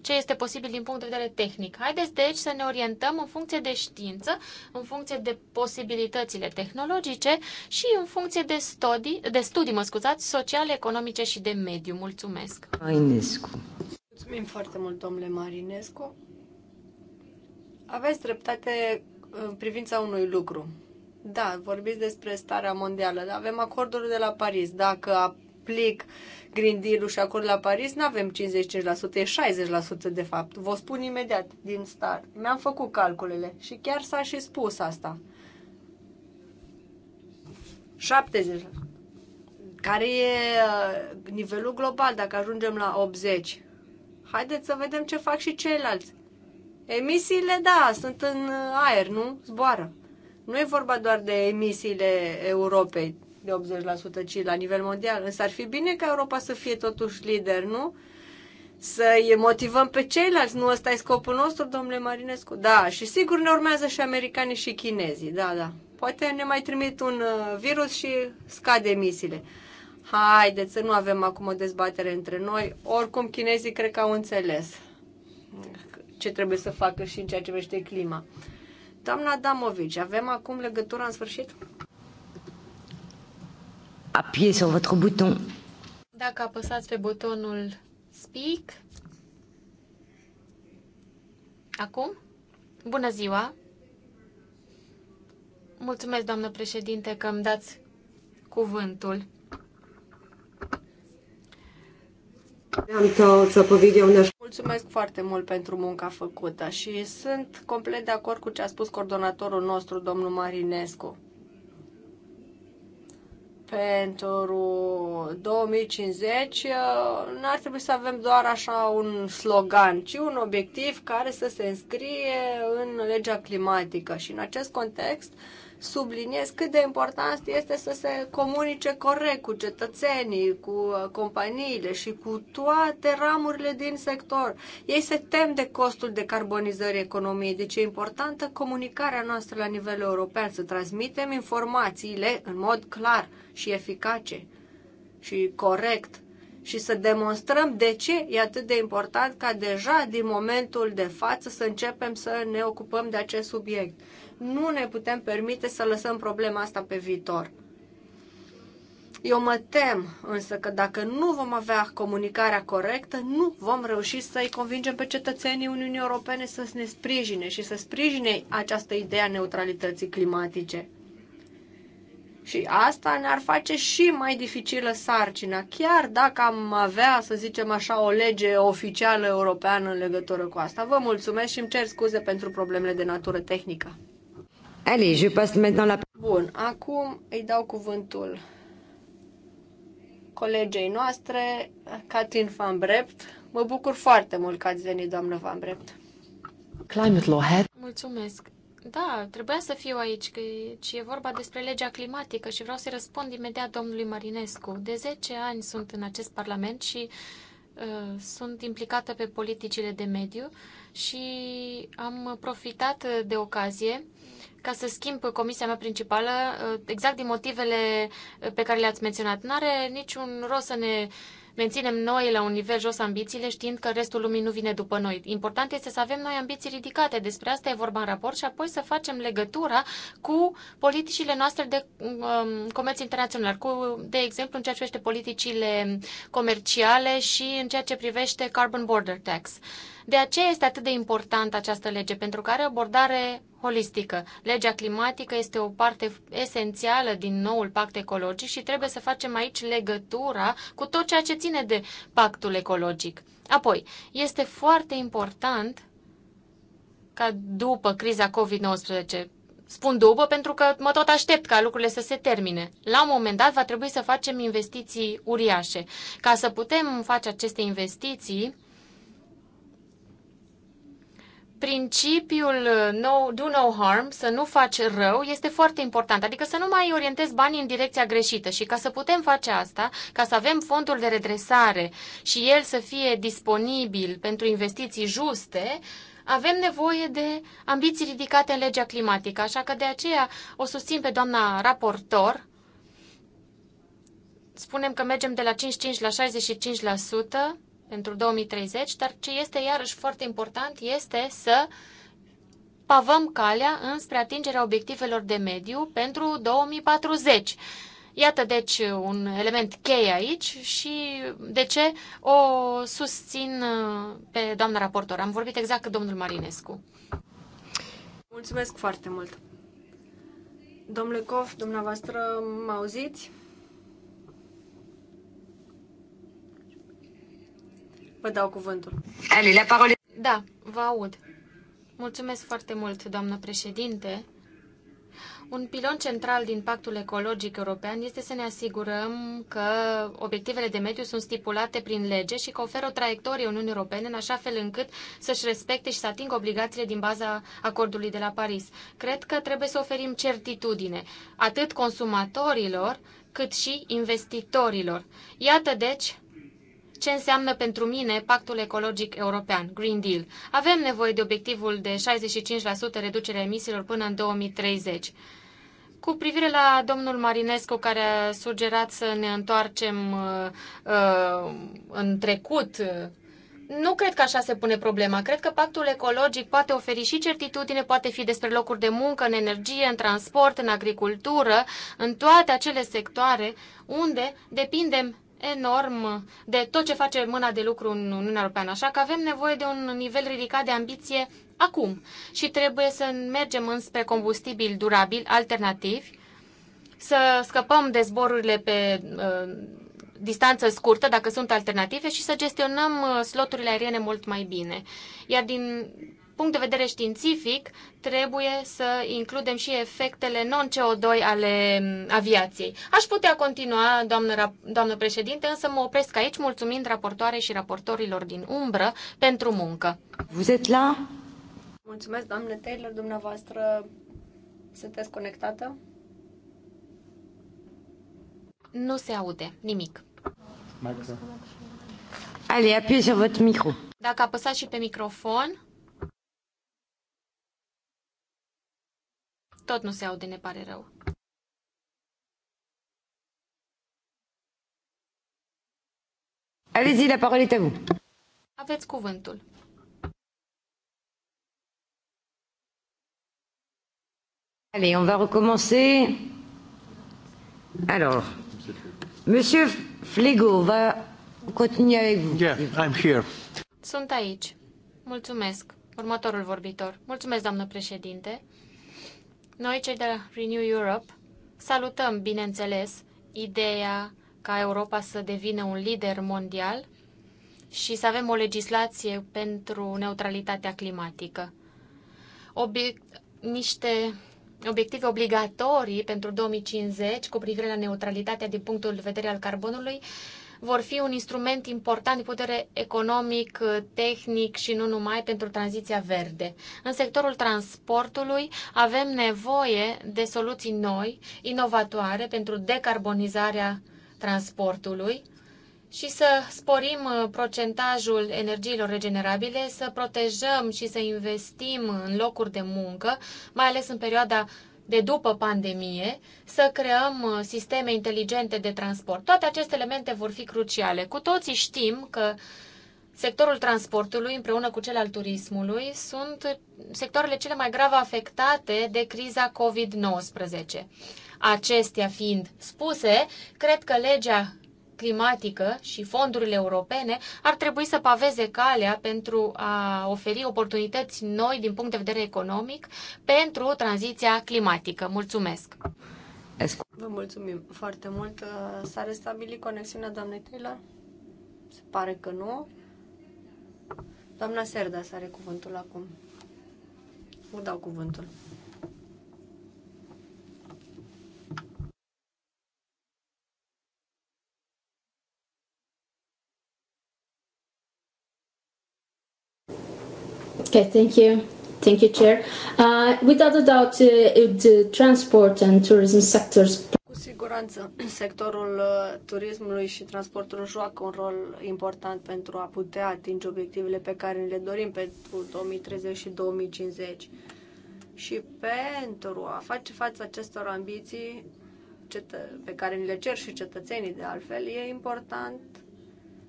ce este posibil din punct de vedere tehnic. Haideți, deci, să ne orientăm în funcție de știință, în funcție de posibilitățile tehnologice și în funcție de studii, de studii mă scuzați, sociale, economice și de mediu. Mulțumesc! Marinescu. Mulțumim foarte mult, domnule Marinescu. Aveți dreptate în privința unui lucru. Da, vorbiți despre starea mondială. Avem acordul de la Paris. Dacă aplic Green Deal-ul și acordul la Paris, nu avem 55%, e 60% de fapt. Vă spun imediat din star. Mi-am făcut calculele și chiar s-a și spus asta. 70%. Care e uh, nivelul global dacă ajungem la 80%? Haideți să vedem ce fac și ceilalți. Emisiile, da, sunt în uh, aer, nu? Zboară. Nu e vorba doar de emisiile Europei de 80%, ci la nivel mondial. Însă ar fi bine ca Europa să fie totuși lider, nu? Să-i motivăm pe ceilalți. Nu ăsta e scopul nostru, domnule Marinescu? Da, și sigur ne urmează și americanii și chinezii. Da, da. Poate ne mai trimit un uh, virus și scade emisiile. Haideți să nu avem acum o dezbatere între noi. Oricum, chinezii cred că au înțeles ce trebuie să facă și în ceea ce vește clima. Doamna Damovici, avem acum legătura în sfârșit? Apiez sur votre buton. Dacă apăsați pe butonul Speak. Acum? Bună ziua! Mulțumesc, doamnă președinte, că îmi dați cuvântul. Mulțumesc foarte mult pentru munca făcută și sunt complet de acord cu ce a spus coordonatorul nostru, domnul Marinescu. Pentru 2050 uh, n-ar trebui să avem doar așa un slogan, ci un obiectiv care să se înscrie în legea climatică și în acest context subliniez cât de important este să se comunice corect cu cetățenii, cu uh, companiile și cu toate ramurile din sector. Ei se tem de costul de carbonizării economiei, deci e importantă comunicarea noastră la nivel european, să transmitem informațiile în mod clar și eficace și corect și să demonstrăm de ce e atât de important ca deja din momentul de față să începem să ne ocupăm de acest subiect. Nu ne putem permite să lăsăm problema asta pe viitor. Eu mă tem însă că dacă nu vom avea comunicarea corectă, nu vom reuși să-i convingem pe cetățenii Uniunii Europene să ne sprijine și să sprijine această idee a neutralității climatice. Și asta ne-ar face și mai dificilă sarcina, chiar dacă am avea, să zicem așa, o lege oficială europeană în legătură cu asta. Vă mulțumesc și îmi cer scuze pentru problemele de natură tehnică. Allez, je passe maintenant la... Bun, acum îi dau cuvântul colegei noastre, Catherine Van Brept. Mă bucur foarte mult că ați venit, doamnă Van Brept. Climate Law Head. Mulțumesc. Da, trebuia să fiu aici, că e vorba despre legea climatică și vreau să-i răspund imediat domnului Marinescu. De 10 ani sunt în acest parlament și uh, sunt implicată pe politicile de mediu și am profitat uh, de ocazie ca să schimb comisia mea principală uh, exact din motivele uh, pe care le-ați menționat. N-are niciun rost să ne menținem noi la un nivel jos ambițiile, știind că restul lumii nu vine după noi. Important este să avem noi ambiții ridicate, despre asta e vorba în raport și apoi să facem legătura cu politicile noastre de um, comerț internațional, cu, de exemplu, în ceea ce privește politicile comerciale și în ceea ce privește Carbon Border Tax. De aceea este atât de importantă această lege, pentru că are abordare holistică. Legea climatică este o parte esențială din noul pact ecologic și trebuie să facem aici legătura cu tot ceea ce ține de pactul ecologic. Apoi, este foarte important ca după criza COVID-19, spun după pentru că mă tot aștept ca lucrurile să se termine. La un moment dat va trebui să facem investiții uriașe. Ca să putem face aceste investiții, principiul uh, no, do no harm, să nu faci rău, este foarte important. Adică să nu mai orientezi banii în direcția greșită. Și ca să putem face asta, ca să avem fondul de redresare și el să fie disponibil pentru investiții juste, avem nevoie de ambiții ridicate în legea climatică. Așa că de aceea o susțin pe doamna raportor. Spunem că mergem de la 55 la 65% pentru 2030, dar ce este iarăși foarte important este să pavăm calea înspre atingerea obiectivelor de mediu pentru 2040. Iată deci un element cheie aici și de ce o susțin uh, pe doamna raportor. Am vorbit exact cu domnul Marinescu. Mulțumesc foarte mult. Domnule Cof, dumneavoastră mă auziți? Vă dau cuvântul. Ali, la parole. Da, vă aud. Mulțumesc foarte mult, doamnă președinte. Un pilon central din Pactul Ecologic European este să ne asigurăm că obiectivele de mediu sunt stipulate prin lege și că oferă o traiectorie Uniunii Europene în așa fel încât să-și respecte și să atingă obligațiile din baza acordului de la Paris. Cred că trebuie să oferim certitudine atât consumatorilor cât și investitorilor. Iată deci ce înseamnă pentru mine Pactul Ecologic European, Green Deal. Avem nevoie de obiectivul de 65% reducere emisiilor până în 2030. Cu privire la domnul Marinescu, care a sugerat să ne întoarcem uh, uh, în trecut, nu cred că așa se pune problema. Cred că pactul ecologic poate oferi și certitudine, poate fi despre locuri de muncă, în energie, în transport, în agricultură, în toate acele sectoare unde depindem enorm de tot ce face mâna de lucru în Uniunea Europeană, așa că avem nevoie de un nivel ridicat de ambiție acum și trebuie să mergem înspre combustibil durabil, alternativ, să scăpăm de zborurile pe uh, distanță scurtă, dacă sunt alternative, și să gestionăm uh, sloturile aeriene mult mai bine. Iar din punct de vedere științific, trebuie să includem și efectele non-CO2 ale mm, aviației. Aș putea continua, doamnă, doamnă președinte, însă mă opresc aici, mulțumind raportoare și raportorilor din umbră pentru muncă. Vous êtes là? Mulțumesc, doamnă Taylor, dumneavoastră sunteți conectată? Nu se aude nimic. Micro. Ale, apiși votre micro. Dacă apăsați și pe microfon... Tot nu se aude, ne pare rău. allez la parole este Aveți cuvântul. Allez, on va recommencer. Alors, Monsieur Flego va continuer avec vous. Yeah, I'm here. Sunt aici. Mulțumesc. Următorul vorbitor. Mulțumesc, doamnă președinte. Noi, cei de la Renew Europe, salutăm, bineînțeles, ideea ca Europa să devină un lider mondial și să avem o legislație pentru neutralitatea climatică. Obie- niște obiective obligatorii pentru 2050 cu privire la neutralitatea din punctul de vedere al carbonului vor fi un instrument important din putere economic, tehnic și nu numai pentru tranziția verde. În sectorul transportului avem nevoie de soluții noi, inovatoare pentru decarbonizarea transportului și să sporim uh, procentajul energiilor regenerabile, să protejăm și să investim în locuri de muncă, mai ales în perioada de după pandemie, să creăm uh, sisteme inteligente de transport. Toate aceste elemente vor fi cruciale. Cu toții știm că sectorul transportului împreună cu cel al turismului sunt sectoarele cele mai grav afectate de criza COVID-19. Acestea fiind spuse, cred că legea climatică și fondurile europene ar trebui să paveze calea pentru a oferi oportunități noi din punct de vedere economic pentru tranziția climatică. Mulțumesc! Vă mulțumim foarte mult. Uh, s-a restabilit conexiunea doamnei Taylor? Se pare că nu. Doamna Serda are cuvântul acum. Vă dau cuvântul. Okay, thank you. Thank you, Chair. Uh, without a doubt, uh, the uh, transport and tourism sectors. Cu siguranță, sectorul uh, turismului și transportului joacă un rol important pentru a putea atinge obiectivele pe care le dorim pentru 2030 și 2050. Și pentru a face față acestor ambiții, pe care ni le cer și cetățenii de altfel, e important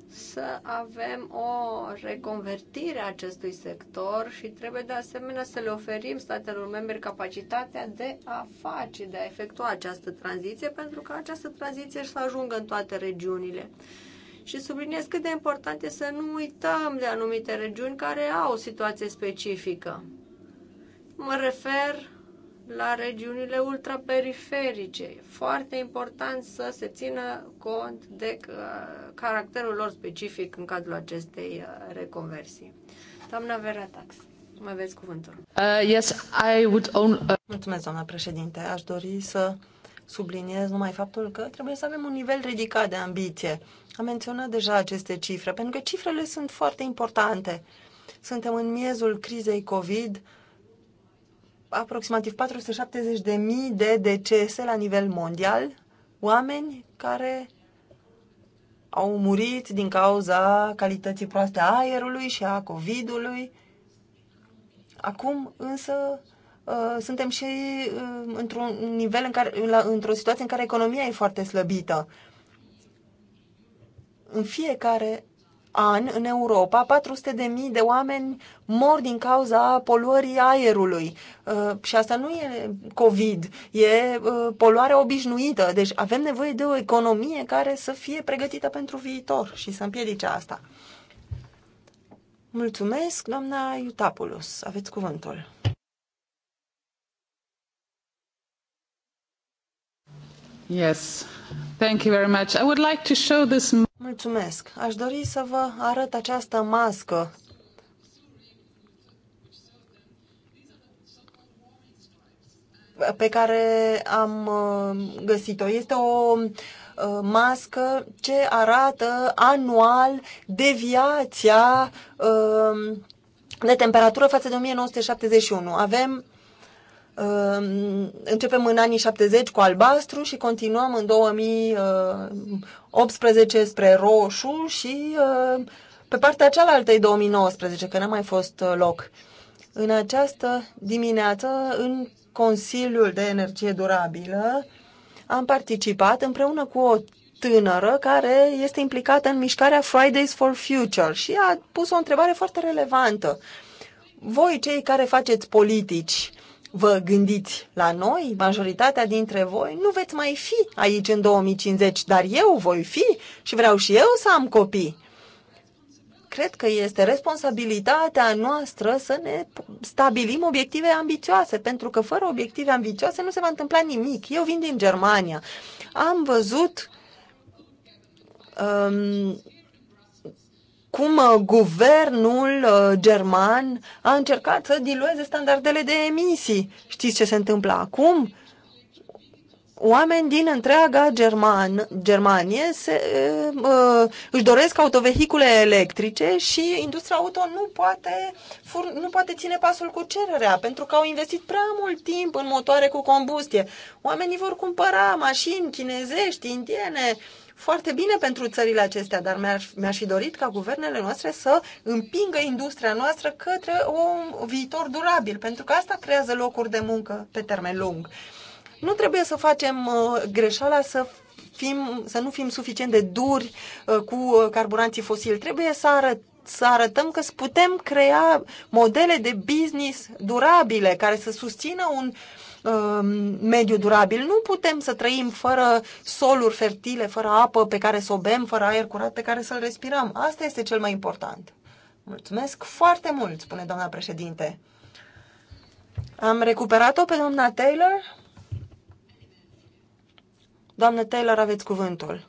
să avem o reconvertire a acestui sector și trebuie de asemenea să le oferim statelor membre capacitatea de a face, de a efectua această tranziție, pentru că această tranziție să ajungă în toate regiunile. Și subliniez cât de important este să nu uităm de anumite regiuni care au o situație specifică. Mă refer la regiunile ultraperiferice. Foarte important să se țină cont de caracterul lor specific în cadrul acestei uh, reconversii. Doamna Tax, mai aveți cuvântul. Uh, yes, I would own... Uh... Mulțumesc, doamna președinte. Aș dori să subliniez numai faptul că trebuie să avem un nivel ridicat de ambiție. Am menționat deja aceste cifre, pentru că cifrele sunt foarte importante. Suntem în miezul crizei COVID, aproximativ 470.000 de decese la nivel mondial, oameni care au murit din cauza calității proaste a aerului și a COVID-ului. Acum însă uh, suntem și uh, într-un nivel în care, într-o situație în care economia e foarte slăbită. În fiecare an în Europa 400.000 de oameni mor din cauza poluării aerului. Uh, și asta nu e COVID, e uh, poluare obișnuită. Deci avem nevoie de o economie care să fie pregătită pentru viitor și să împiedice asta. Mulțumesc, doamna Iutapulus. Aveți cuvântul. Yes. Thank you very much. I would like to show this Mulțumesc. Aș dori să vă arăt această mască. pe care am uh, găsit-o. Este o uh, mască ce arată anual deviația uh, de temperatură față de 1971. Avem Ehm, începem în anii 70 cu albastru și continuăm în 2018 ehm, spre roșu și ehm, pe partea cealaltă e 2019, că n-a mai fost uh, loc. În această dimineață, în Consiliul de Energie Durabilă, am participat împreună cu o tânără care este implicată în mișcarea Fridays for Future și a pus o întrebare foarte relevantă. Voi, cei care faceți politici, uh, vă gândiți la noi, majoritatea dintre voi nu veți mai fi aici în 2050, dar eu voi fi și vreau și eu să am copii. Cred că este responsabilitatea noastră să ne stabilim obiective ambițioase, pentru că fără obiective ambițioase nu se va întâmpla nimic. Eu vin din Germania. Am văzut um, cum uh, guvernul uh, german a încercat să dilueze standardele de emisii. Știți ce se întâmplă acum? Oameni din întreaga German, Germanie se, uh, uh, își doresc autovehicule electrice și industria auto nu poate, fur, nu poate ține pasul cu cererea pentru că au investit prea mult timp în motoare cu combustie. Oamenii vor cumpăra mașini chinezești, indiene, uh, foarte bine pentru țările acestea, dar mi-aș, mi fi dorit ca guvernele noastre să împingă industria noastră către un viitor durabil, pentru că asta creează locuri de muncă pe termen lung. Nu trebuie să facem uh, greșeala să fim, să nu fim suficient de duri uh, cu uh, carburanții fosili. Trebuie să arăt să arătăm că putem crea modele de business durabile care să susțină un uh, Um, mediu durabil. Nu putem să trăim fără soluri fertile, fără apă pe care să o bem, fără aer curat pe care să-l respirăm. Asta este cel mai important. Mulțumesc foarte mult, spune doamna președinte. Am recuperat-o pe doamna Taylor? Doamna Taylor, aveți cuvântul.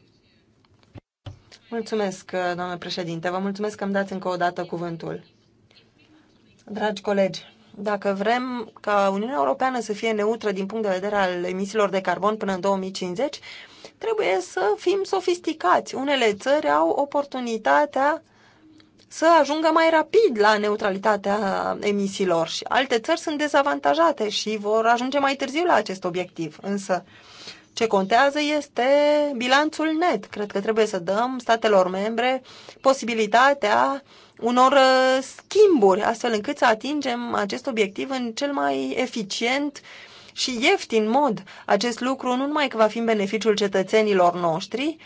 Mulțumesc, doamna președinte. Vă mulțumesc că îmi dați încă o dată cuvântul. Dragi colegi, dacă vrem ca Uniunea Europeană să fie neutră din punct de vedere al emisiilor de carbon până în 2050, trebuie să fim sofisticați. Unele țări au oportunitatea să ajungă mai rapid la neutralitatea emisiilor și alte țări sunt dezavantajate și vor ajunge mai târziu la acest obiectiv. Însă, ce contează este bilanțul net. Cred că trebuie să dăm statelor membre posibilitatea unor uh, schimburi, astfel încât să atingem acest obiectiv în cel mai eficient și ieftin mod. Acest lucru nu numai că va fi în beneficiul cetățenilor noștri,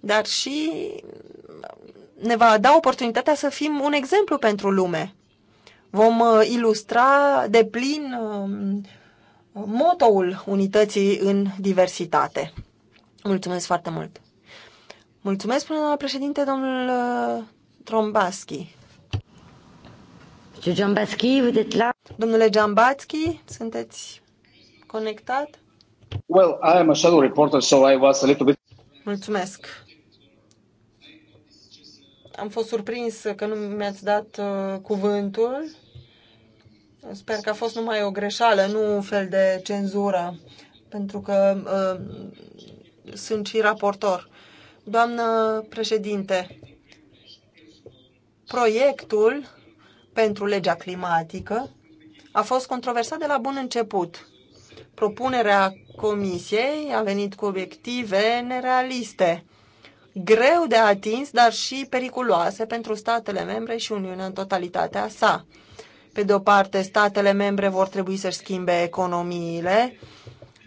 dar și ne va da oportunitatea să fim un exemplu pentru lume. Vom uh, ilustra de plin um, motoul unității în diversitate. Mulțumesc foarte mult! Mulțumesc, până la președinte, domnul uh, Trombaschi. Domnule Jambatski, sunteți conectat? Well, I am a shadow reporter, so I was a little bit... Mulțumesc. Am fost surprins că nu mi-ați dat uh, cuvântul. Sper că a fost numai o greșeală, nu un fel de cenzură, pentru că uh, sunt și raportor. Doamnă președinte, proiectul pentru legea climatică a fost controversat de la bun început. Propunerea comisiei a venit cu obiective nerealiste, greu de atins, dar și periculoase pentru statele membre și Uniunea în totalitatea sa. Pe de o parte, statele membre vor trebui să-și schimbe economiile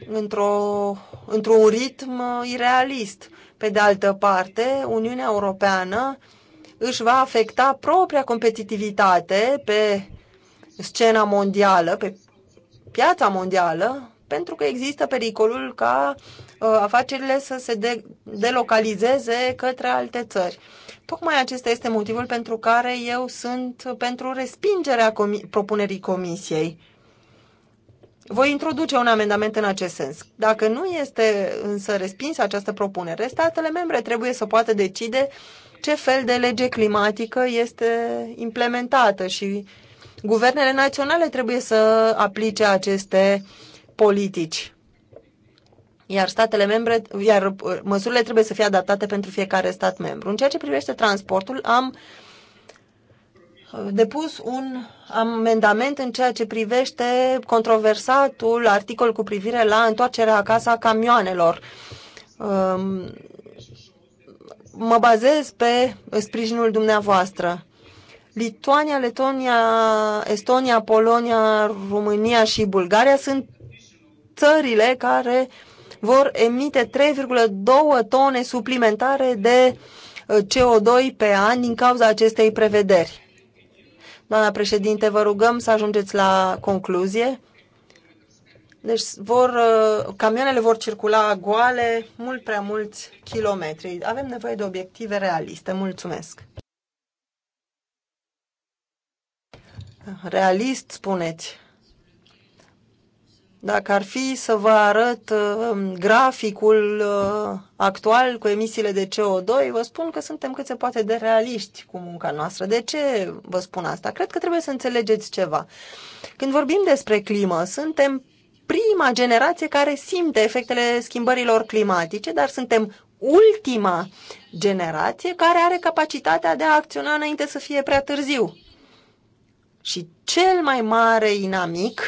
într-un într ritm irealist. Pe de altă parte, Uniunea Europeană își va afecta propria competitivitate pe scena mondială, pe piața mondială, pentru că există pericolul ca uh, afacerile să se de- delocalizeze către alte țări. Tocmai acesta este motivul pentru care eu sunt pentru respingerea comi- propunerii comisiei. Voi introduce un amendament în acest sens. Dacă nu este însă respinsă această propunere, statele membre trebuie să poată decide ce fel de lege climatică este implementată și guvernele naționale trebuie să aplice aceste politici iar statele membre, iar măsurile trebuie să fie adaptate pentru fiecare stat membru. În ceea ce privește transportul, am uh, depus un amendament în ceea ce privește controversatul articol cu privire la întoarcerea acasă a camioanelor. Um, mă bazez pe sprijinul dumneavoastră. Lituania, Letonia, Estonia, Polonia, România și Bulgaria sunt țările care vor emite 3,2 tone suplimentare de uh, CO2 pe an din cauza acestei prevederi. Doamna președinte, vă rugăm să ajungeți la concluzie. Deci vor, uh, camioanele vor circula goale mult prea mulți kilometri. Avem nevoie de obiective realiste. Mulțumesc! Realist, spuneți. Dacă ar fi să vă arăt uh, graficul uh, actual cu emisiile de CO2, vă spun că suntem cât se poate de realiști cu munca noastră. De ce vă spun asta? Cred că trebuie să înțelegeți ceva. Când vorbim despre climă, suntem prima generație care simte efectele schimbărilor climatice, dar suntem ultima generație care are capacitatea de a acționa înainte să fie prea târziu. Și cel mai mare inamic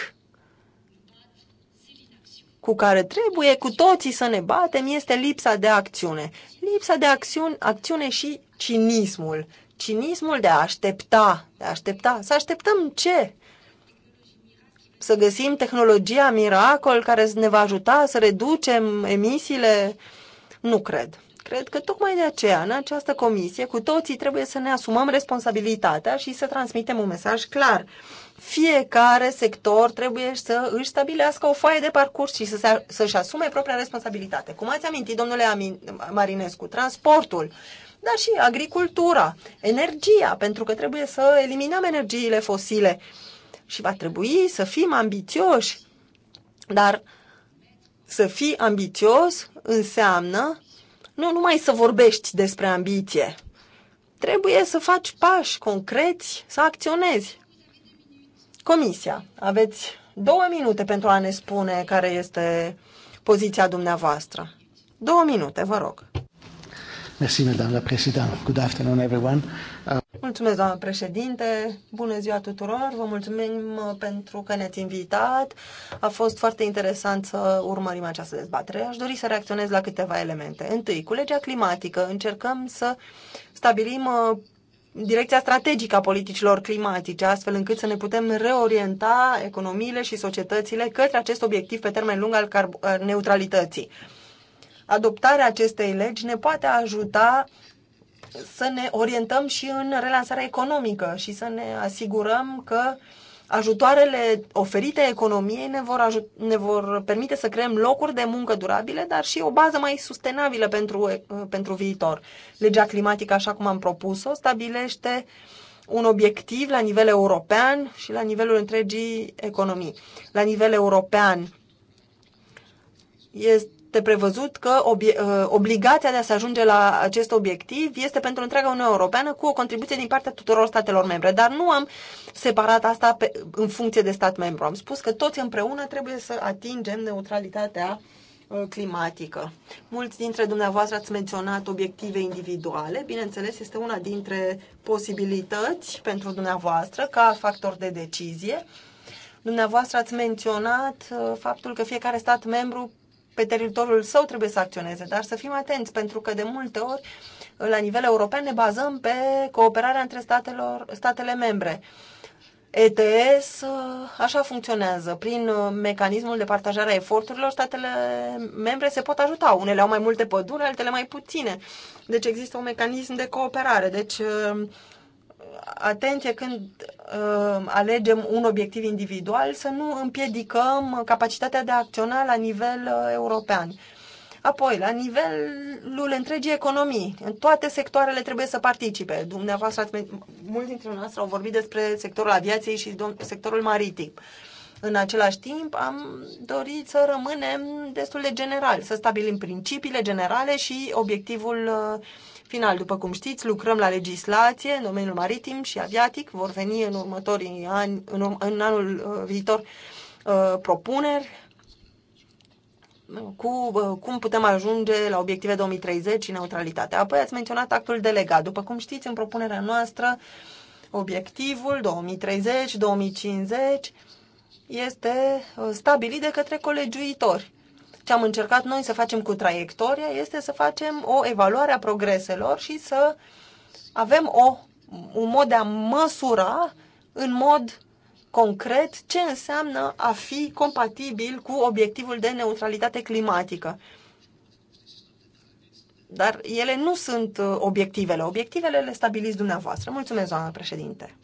cu care trebuie cu toții să ne batem este lipsa de acțiune. Lipsa de acțiune, acțiune și cinismul. Cinismul de a aștepta, de a aștepta. Să așteptăm ce? Să găsim tehnologia miracol care ne va ajuta să reducem emisiile? Nu cred. Cred că tocmai de aceea, în această comisie, cu toții trebuie să ne asumăm responsabilitatea și să transmitem un mesaj clar fiecare sector trebuie să își stabilească o foaie de parcurs și să și asume propria responsabilitate. Cum ați amintit, domnule Marinescu, transportul, dar și agricultura, energia, pentru că trebuie să eliminăm energiile fosile și va trebui să fim ambițioși. Dar să fii ambițios înseamnă nu numai să vorbești despre ambiție. Trebuie să faci pași concreți, să acționezi. Comisia, aveți două minute pentru a ne spune care este poziția dumneavoastră. Două minute, vă rog. Mersi, doamna președinte. Good afternoon, everyone. Uh... Mulțumesc, doamna președinte. Bună ziua tuturor. Vă mulțumim uh, pentru că ne-ați invitat. A fost foarte interesant să urmărim această dezbatere. Aș dori să reacționez la câteva elemente. Întâi, cu legea climatică încercăm să stabilim uh, direcția strategică a politicilor climatice, astfel încât să ne putem reorienta economiile și societățile către acest obiectiv pe termen lung al neutralității. Adoptarea acestei legi ne poate ajuta să ne orientăm și în relansarea economică și să ne asigurăm că uh, ajutoarele oferite economiei ne vor, ajut, ne vor permite să creăm locuri de muncă durabile, dar și o bază mai sustenabilă pentru, uh, pentru viitor. Legea climatică, așa cum am propus-o, stabilește un obiectiv la nivel european și la nivelul întregii economii. La nivel european este de prevăzut că uh, obligația de a se ajunge la acest obiectiv este pentru întreaga Uniune Europeană cu o contribuție din partea tuturor statelor membre. Dar nu am separat asta pe, în funcție de stat membru. Am spus că toți împreună trebuie să atingem neutralitatea uh, climatică. Mulți dintre dumneavoastră ați menționat obiective individuale. Bineînțeles, este una dintre posibilități pentru dumneavoastră ca factor de decizie. Dumneavoastră ați menționat uh, faptul că fiecare stat membru pe teritoriul său trebuie să acționeze, dar să fim atenți, pentru că de multe ori, la nivel european, ne bazăm pe cooperarea între statelor, statele membre. ETS uh, așa funcționează. Prin uh, mecanismul de partajare a eforturilor, statele membre se pot ajuta. Unele au mai multe păduri, altele mai puține. Deci există un mecanism de cooperare. Deci uh, atenție când uh, alegem un obiectiv individual să nu împiedicăm capacitatea de a acționa la nivel uh, european. Apoi, la nivelul întregii economii, în toate sectoarele trebuie să participe. Dumneavoastră, ați, mulți dintre noastre au vorbit despre sectorul aviației și sectorul maritim. În același timp, am dorit să rămânem destul de general, să stabilim principiile generale și obiectivul uh, final. După cum știți, lucrăm la legislație în domeniul maritim și aviatic. Vor veni în următorii ani, în, în anul uh, viitor, uh, propuneri cu uh, cum putem ajunge la obiective 2030 și neutralitate. Apoi ați menționat actul delegat. După cum știți, în propunerea noastră, obiectivul 2030-2050 este stabilit de către colegiuitori. Ce am încercat noi să facem cu traiectoria este să facem o evaluare a progreselor și să avem o, un mod de a măsura în mod concret ce înseamnă a fi compatibil cu obiectivul de neutralitate climatică. Dar ele nu sunt uh, obiectivele. Obiectivele le stabiliți dumneavoastră. Mulțumesc, doamnă președinte.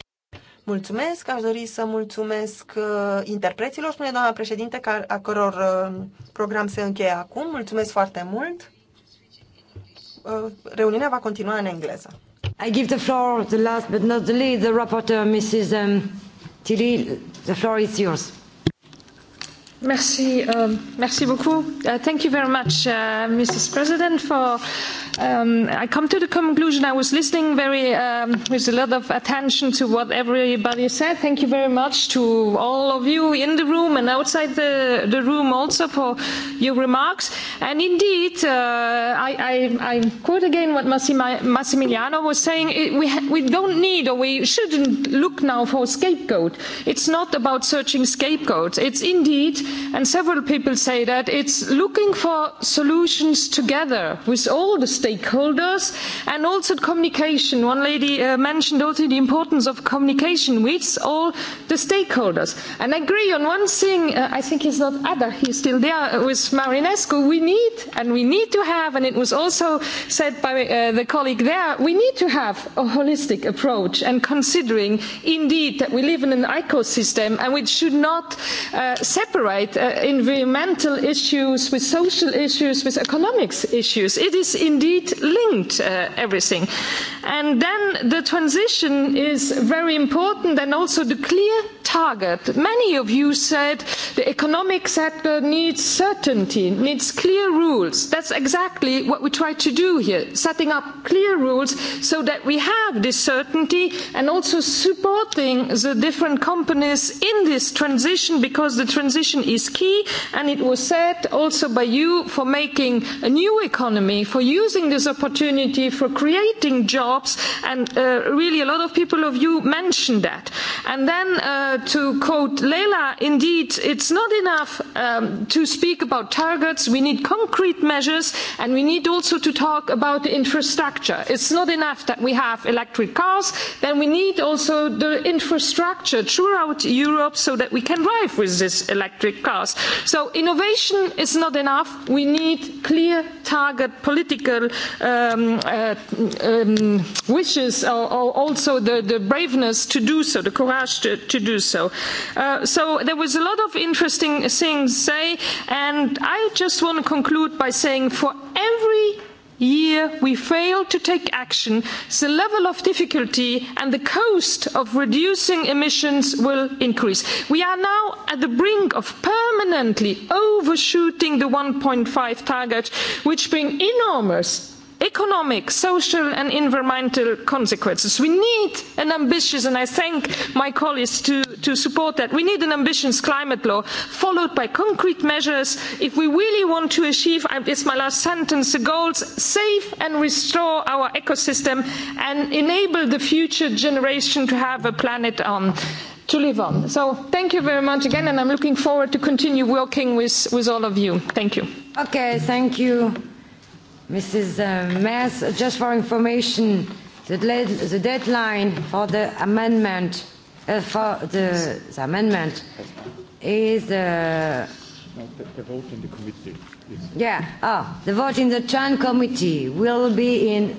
Mulțumesc, aș dori să mulțumesc uh, interpreților, spune doamna președinte, ca, a căror uh, program se încheie acum. Mulțumesc foarte mult. Uh, reuniunea va continua în engleză. I give the floor, the last but not the least, the rapporteur, Mrs. Um, Tilly. The floor is yours. Merci, um, merci beaucoup. Uh, thank you very much, uh, Mrs. President, for. Um, I come to the conclusion. I was listening very um, with a lot of attention to what everybody said. Thank you very much to all of you in the room and outside the, the room also for your remarks. And indeed, uh, I, I, I quote again what Massimiliano was saying. It, we, ha- we don't need or we shouldn't look now for a scapegoat. It's not about searching scapegoats. It's indeed and several people say that it's looking for solutions together with all the stakeholders and also communication. One lady uh, mentioned also the importance of communication with all the stakeholders. And I agree on one thing, uh, I think he's not Ada, he's still there, uh, with Marinescu, we need and we need to have, and it was also said by uh, the colleague there, we need to have a holistic approach and considering indeed that we live in an ecosystem and we should not uh, separate right uh, environmental issues with social issues with economics issues it is indeed linked uh, everything and then the transition is very important and also the clear target many of you said the economic sector needs certainty needs clear rules that's exactly what we try to do here setting up clear rules so that we have this certainty and also supporting the different companies in this transition because the transition is key and it was said also by you for making a new economy for using this opportunity for creating jobs and uh, really a lot of people of you mentioned that and then uh, to quote Leila indeed it's not enough um, to speak about targets we need concrete measures and we need also to talk about the infrastructure it's not enough that we have electric cars then we need also the infrastructure throughout Europe so that we can drive with this electric electric cars. So innovation is not enough. We need clear target political um, uh, um, wishes or, or also the, the braveness to do so, the courage to, to do so. Uh, so there was a lot of interesting things say, and I just want to conclude by saying for every year we failed to take action the level of difficulty and the cost of reducing emissions will increase. we are now at the brink of permanently overshooting the. one five target which brings enormous economic social and environmental consequences. we need an ambitious and i thank my colleagues to, to support that we need an ambitious climate law followed by concrete measures if we really want to achieve it's my last sentence the goals save and restore our ecosystem and enable the future generation to have a planet on to live on. So thank you very much again, and I'm looking forward to continue working with, with all of you. Thank you. Okay, thank you. Mrs. Uh, just for information, the, deadline for the amendment, uh, for the, the amendment is... Uh, no, the, the vote in the committee. Yes. Yeah, oh, the vote in the TRAN committee will be in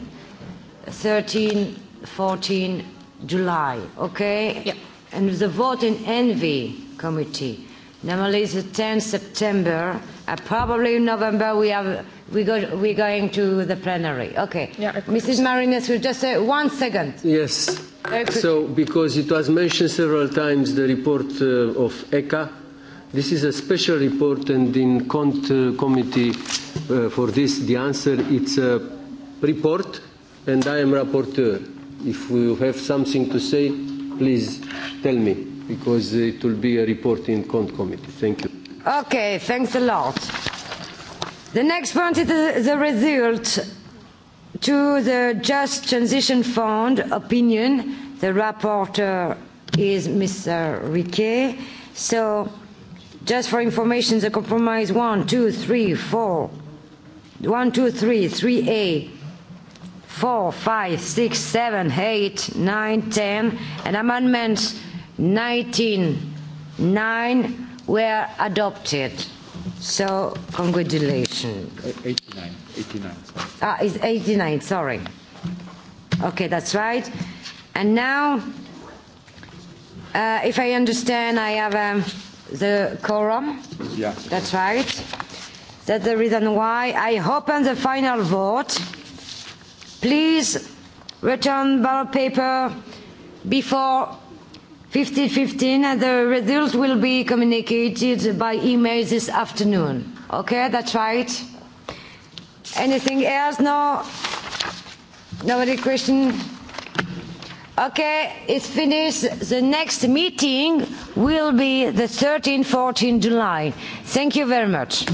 13, 14 July, okay? Yeah. And the vote in ENVY committee Normally it's the 10th September. Uh, probably in November we have we go we're going to the plenary. Okay. Yeah, Mrs. Marinescu, just uh, one second. Yes. So because it was mentioned several times, the report uh, of ECA. This is a special report, and in Cont uh, committee uh, for this, the answer it's a report, and I am rapporteur. If you have something to say, please tell me because it will be a report in Cont Committee. Thank you. Okay, thanks a lot. The next point is the, result to the Just Transition Fund opinion. The rapporteur is Mr. Riquet. So, just for information, the compromise one, two, three, four, one, two, three, three A, four, five, six, seven, eight, nine, ten, and amendments 1989 were adopted. So, congratulations. 89. 89 Ah, it's 89, sorry. Okay, that's right. And now, uh, if I understand, I have um, the quorum. Yeah. That's right. That's the reason why I open the final vote. Please return ballot paper before 1515 and the results will be communicated by email this afternoon. Okay, that's right. Anything else? No? Nobody question? Okay, it's finished. The next meeting will be the 13-14 July. Thank you very much.